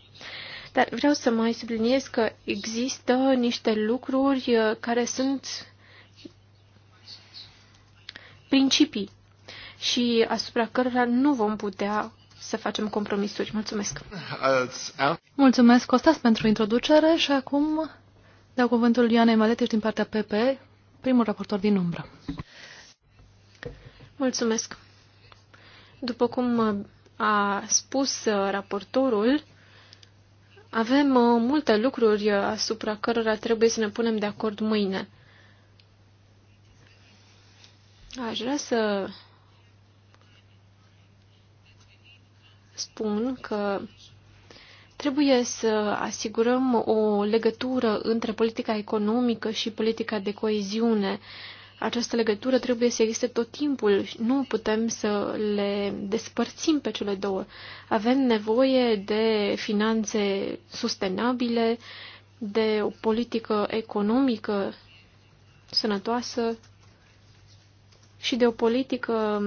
Dar vreau să mai subliniez că există niște lucruri uh, care sunt principii și asupra cărora nu vom putea să facem compromisuri. Mulțumesc! Mulțumesc, Costas, pentru introducere și acum dau cuvântul Ioanei Maletiș din partea PP, primul raportor din umbră. Mulțumesc! După cum a spus raportorul, avem multe lucruri asupra cărora trebuie să ne punem de acord mâine. Aș vrea să spun că trebuie să asigurăm o legătură între politica economică și politica de coeziune. Această legătură trebuie să existe tot timpul și nu putem să le despărțim pe cele două. Avem nevoie de finanțe sustenabile, de o politică economică sănătoasă și de o politică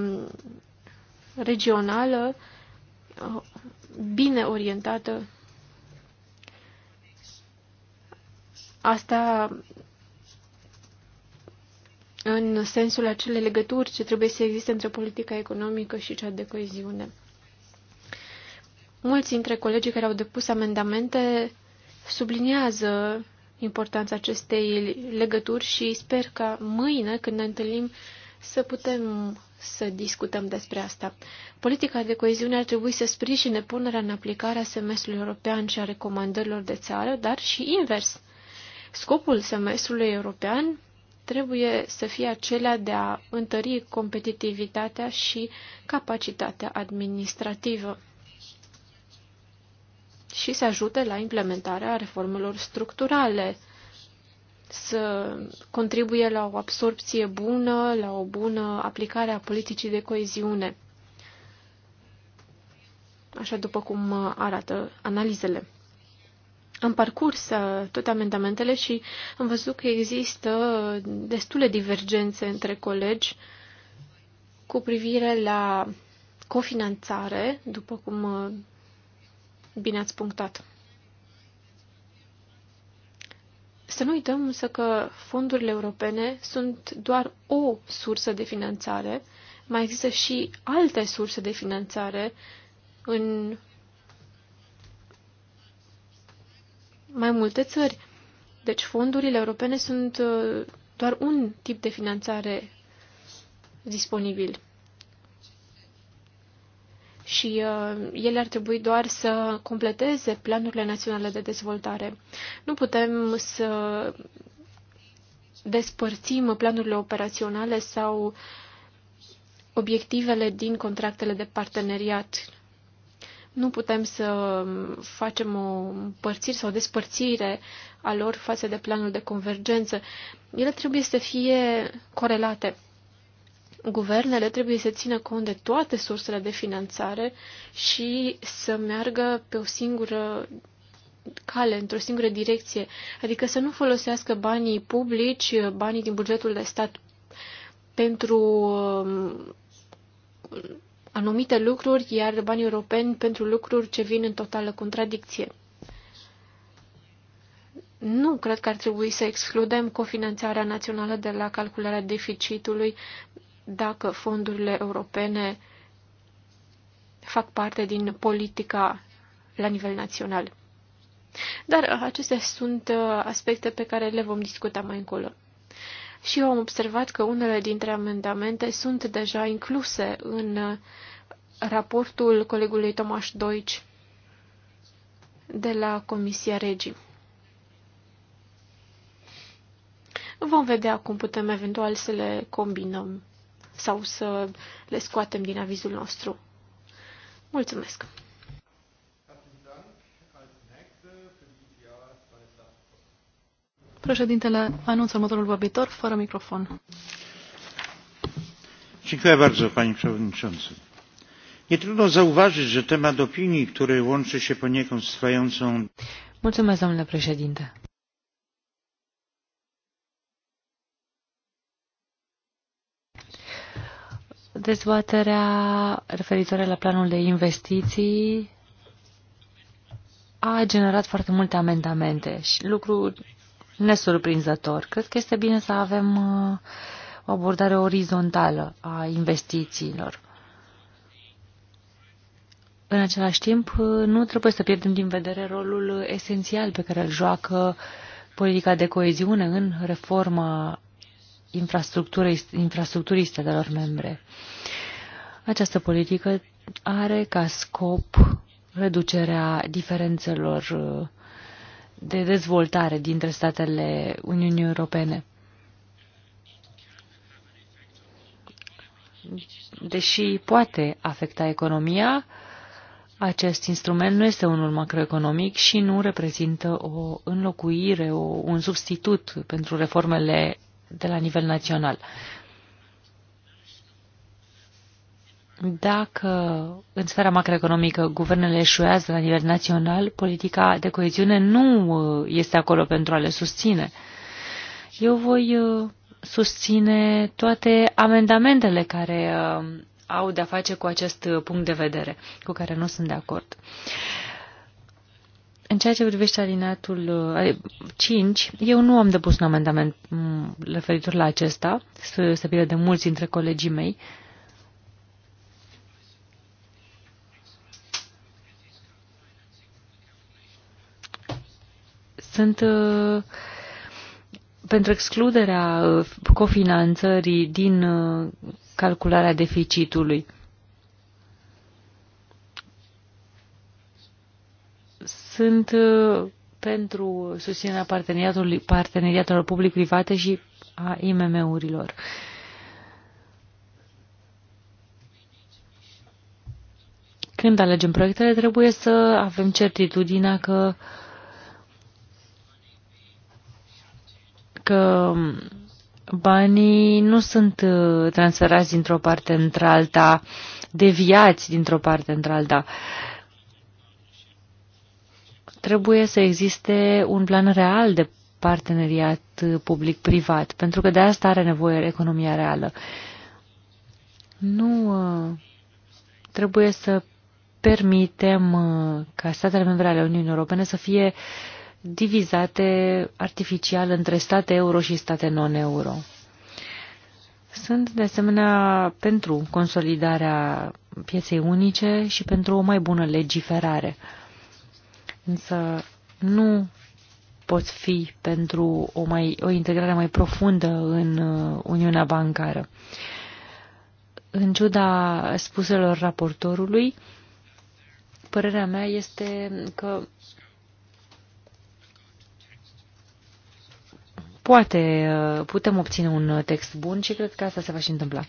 regională bine orientată. Asta în sensul acelei legături ce trebuie să existe între politica economică și cea de coeziune. Mulți dintre colegii care au depus amendamente subliniază importanța acestei legături și sper ca mâine, când ne întâlnim, să putem să discutăm despre asta. Politica de coeziune ar trebui să sprijine punerea în aplicare a semestrului european și a recomandărilor de țară, dar și invers. Scopul semestrului european trebuie să fie acela de a întări competitivitatea și capacitatea administrativă și să ajute la implementarea reformelor structurale să contribuie la o absorpție bună, la o bună aplicare a politicii de coeziune, așa după cum arată analizele. Am parcurs uh, toate amendamentele și am văzut că există destule divergențe între colegi cu privire la cofinanțare, după cum uh, bine ați punctat. Să nu uităm însă că fondurile europene sunt doar o sursă de finanțare, mai există și alte surse de finanțare în mai multe țări. Deci fondurile europene sunt uh, doar un tip de finanțare disponibil și uh, ele ar trebui doar să completeze planurile naționale de dezvoltare. Nu putem să despărțim planurile operaționale sau obiectivele din contractele de parteneriat. Nu putem să facem o împărțire sau o despărțire a lor față de planul de convergență. Ele trebuie să fie corelate guvernele trebuie să țină cont de toate sursele de finanțare și să meargă pe o singură cale, într-o singură direcție, adică să nu folosească banii publici, banii din bugetul de stat pentru um, anumite lucruri, iar banii europeni pentru lucruri ce vin în totală contradicție. Nu cred că ar trebui să excludem cofinanțarea națională de la calcularea deficitului dacă fondurile europene fac parte din politica la nivel național. Dar uh, acestea sunt uh, aspecte pe care le vom discuta mai încolo. Și eu am observat că unele dintre amendamente sunt deja incluse în uh, raportul colegului Tomaș Deutsch de la Comisia Regii. Vom vedea cum putem eventual să le combinăm sau să le scoatem din avizul nostru. Mulțumesc! Președintele anunță următorul vorbitor fără microfon. Dziękuję bardzo, Panie Przewodniczący. Nie trudno zauważyć, że temat opinii, który łączy się poniekąd z trwającą... Mulțumesc, domnule președinte. Dezbaterea referitoare la planul de investiții a generat foarte multe amendamente și lucru nesurprinzător. Cred că este bine să avem uh, o abordare orizontală a investițiilor. În același timp, uh, nu trebuie să pierdem din vedere rolul esențial pe care îl joacă politica de coeziune în reforma infrastructuriste de lor membre. Această politică are ca scop reducerea diferențelor uh, de dezvoltare dintre statele Uniunii Europene. Deși poate afecta economia, acest instrument nu este unul macroeconomic și nu reprezintă o înlocuire, o, un substitut pentru reformele de la nivel național. Dacă în sfera macroeconomică guvernele eșuează la nivel național, politica de coeziune nu uh, este acolo pentru a le susține. Eu voi uh, susține toate amendamentele care uh, au de-a face cu acest punct de vedere, cu care nu sunt de acord. În ceea ce privește alineatul 5, eh, eu nu am depus un amendament mm, referitor la acesta, spre deosebire de mulți dintre colegii mei. Sunt eh, pentru excluderea eh, cofinanțării din calcularea deficitului. sunt uh, pentru susținerea parteneriatului, parteneriatului public-private și a IMM-urilor. Când alegem proiectele, trebuie să avem certitudinea că, că banii nu sunt uh, transferați dintr-o parte într-alta, deviați dintr-o parte într-alta. Uh, trebuie să existe un plan real de parteneriat public-privat, pentru că de asta are nevoie economia reală. Nu uh, trebuie să permitem uh, ca statele membre ale Uniunii Europene să fie divizate artificial între state euro și state non-euro. Sunt de asemenea pentru consolidarea pieței unice și pentru o mai bună legiferare însă nu pot fi pentru o, mai, o integrare mai profundă în uh, Uniunea Bancară. În ciuda spuselor raportorului, părerea mea este că poate uh, putem obține un text bun și cred că asta se va și întâmpla.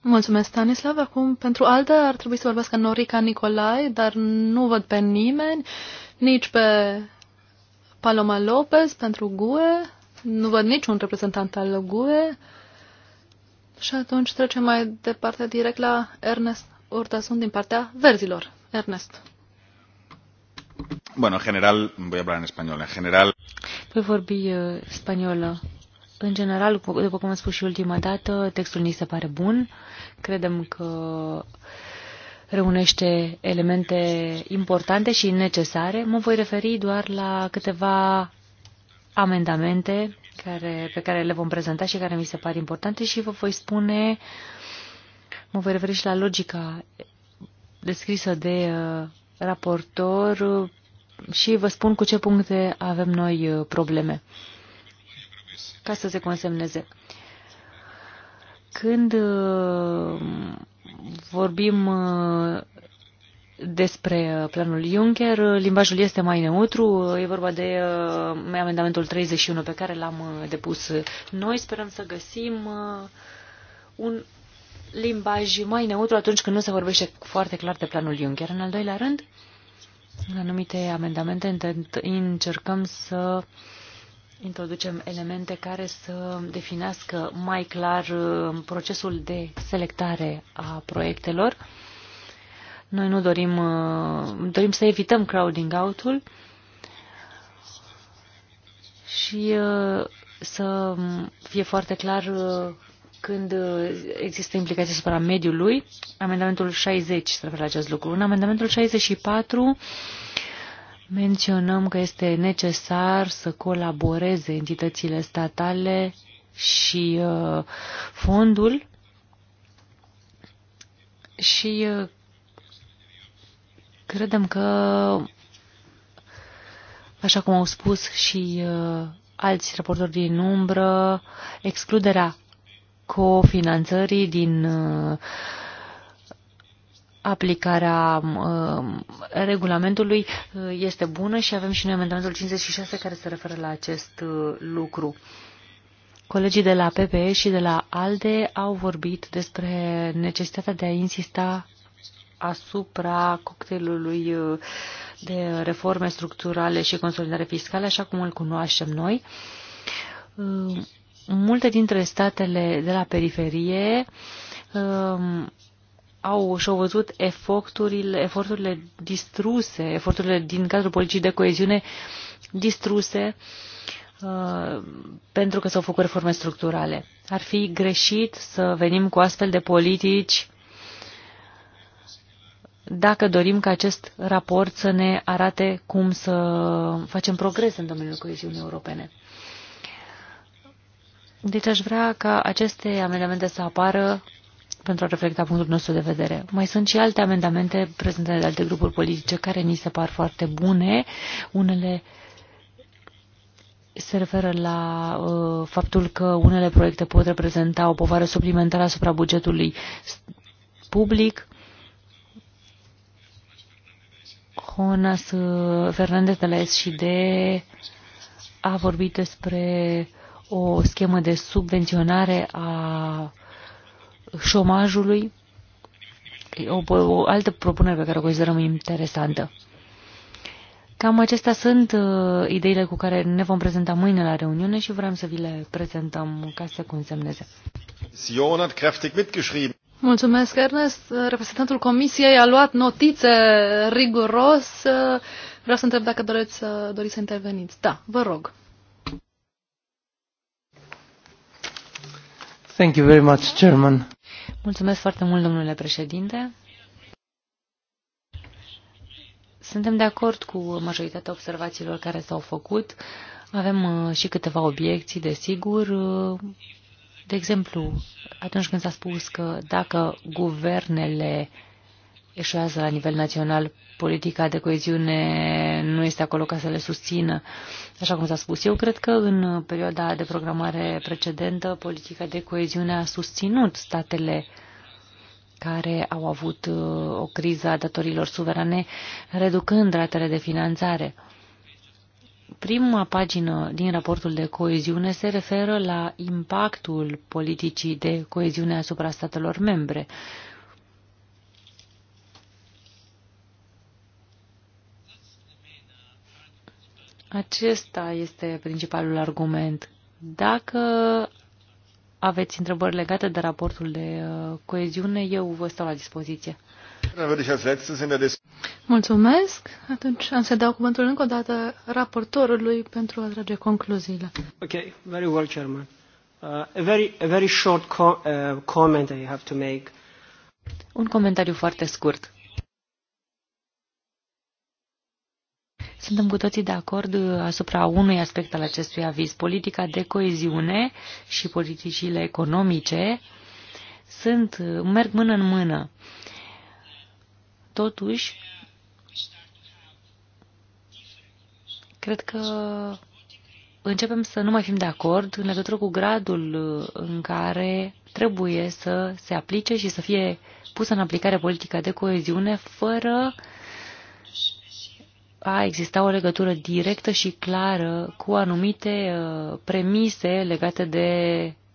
Mulțumesc, Stanislav. Acum, pentru ALDE ar trebui să vorbească Norica Nicolai, dar nu văd pe nimeni, nici pe Paloma Lopez pentru GUE. Nu văd niciun reprezentant al GUE. Și atunci trecem mai departe direct la Ernest Urtasun din partea verzilor. Ernest. Bueno, general, voy a hablar en español. En general... Voi vorbi uh, spaniolă. În general, după cum am spus și ultima dată, textul ni se pare bun. Credem că reunește elemente importante și necesare. Mă voi referi doar la câteva amendamente care, pe care le vom prezenta și care mi se par importante și vă voi spune, mă voi referi și la logica descrisă de uh, raportor și vă spun cu ce puncte avem noi uh, probleme ca să se consemneze. Când uh, vorbim uh, despre uh, planul Juncker, limbajul este mai neutru, e vorba de amendamentul 31 pe care l-am depus noi. Sperăm să găsim un limbaj mai neutru atunci când nu se vorbește foarte clar de planul Juncker. În al doilea rând, în anumite amendamente încercăm să uh, introducem elemente care să definească mai clar uh, procesul de selectare a proiectelor. Noi nu dorim, uh, dorim să evităm crowding out-ul și uh, să fie foarte clar când există implicații asupra mediului. Amendamentul 60 se referă la acest lucru. În amendamentul 64 Menționăm că este necesar să colaboreze entitățile statale și uh, fondul și uh, credem că, așa cum au spus și uh, alți raportori din umbră, excluderea cofinanțării din uh, aplicarea uh, regulamentului uh, este bună și avem și noi amendamentul 56 care se referă la acest uh, lucru. Colegii de la PPE și de la ALDE au vorbit despre necesitatea de a insista asupra cocktailului uh, de reforme structurale și consolidare fiscală, așa cum îl cunoaștem noi. Uh, multe dintre statele de la periferie um, au și-au văzut eforturile, eforturile distruse, eforturile din cadrul politicii de coeziune distruse uh, pentru că s-au făcut reforme structurale. Ar fi greșit să venim cu astfel de politici dacă dorim ca acest raport să ne arate cum să facem progres în domeniul coeziunii europene. Deci aș vrea ca aceste amendamente să apară pentru a reflecta punctul nostru de vedere. Mai sunt și alte amendamente prezentate de alte grupuri politice care ni se par foarte bune. Unele se referă la uh, faptul că unele proiecte pot reprezenta o povară suplimentară asupra bugetului public. Jonas uh, Fernandez de la SCD a vorbit despre o schemă de subvenționare a șomajului, o, o altă propunere pe care o considerăm interesantă. Cam acestea sunt uh, ideile cu care ne vom prezenta mâine la reuniune și vrem să vi le prezentăm ca să consemneze. Sion hat kräftig mitgeschrieben. Mulțumesc, Ernest. Reprezentantul Comisiei a luat notițe riguros. Vreau să întreb dacă doriți să, doriți să interveniți. Da, vă rog. Thank you very much, Chairman. Mulțumesc foarte mult, domnule președinte. Suntem de acord cu majoritatea observațiilor care s-au făcut. Avem uh, și câteva obiecții, desigur. Uh, de exemplu, atunci când s-a spus că dacă guvernele eșuează la nivel național. Politica de coeziune nu este acolo ca să le susțină, așa cum s-a spus. Eu cred că în perioada de programare precedentă, politica de coeziune a susținut statele care au avut uh, o criză a datorilor suverane, reducând ratele de finanțare. Prima pagină din raportul de coeziune se referă la impactul politicii de coeziune asupra statelor membre. Acesta este principalul argument. Dacă aveți întrebări legate de raportul de uh, coeziune, eu vă stau la dispoziție. Mulțumesc. Atunci am să dau cuvântul încă o dată raportorului pentru a trage concluziile. Ok, very well, Chairman. Uh, a, very, a very short co uh, comment I have to make. Un comentariu foarte scurt. Suntem cu toții de acord uh, asupra unui aspect al acestui aviz. Politica de coeziune și politicile economice sunt, uh, merg mână în mână. Totuși, cred că începem să nu mai fim de acord în legătură cu gradul uh, în care trebuie să se aplice și să fie pusă în aplicare politica de coeziune fără uh, a exista o legătură directă și clară cu anumite uh, premise legate de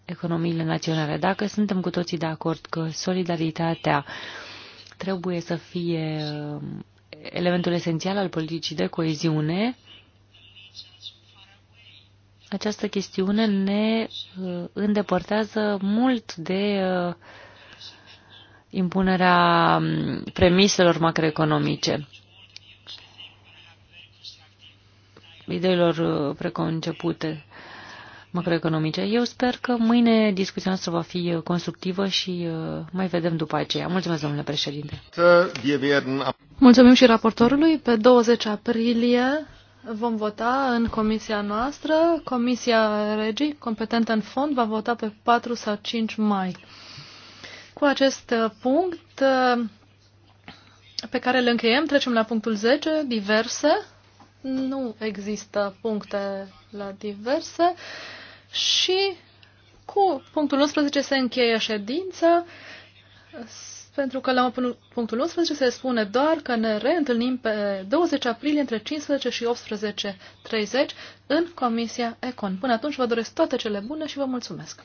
economiile naționale. Dacă suntem cu toții de acord că solidaritatea trebuie să fie uh, elementul esențial al politicii de coeziune, această chestiune ne uh, îndepărtează mult de impunerea um, premiselor macroeconomice. ideilor uh, preconcepute macroeconomice. Eu sper că mâine discuția noastră va fi uh, constructivă și uh, mai vedem după aceea. Mulțumesc, domnule președinte. Mulțumim și raportorului. Pe 20 aprilie vom vota în comisia noastră. Comisia Regii, competentă în fond, va vota pe 4 sau 5 mai. Cu acest punct pe care le încheiem, trecem la punctul 10, diverse nu există puncte la diverse și cu punctul 11 se încheie ședința, pentru că la punctul 11 se spune doar că ne reîntâlnim pe 20 aprilie între 15 și 18.30 în Comisia Econ. Până atunci vă doresc toate cele bune și vă mulțumesc!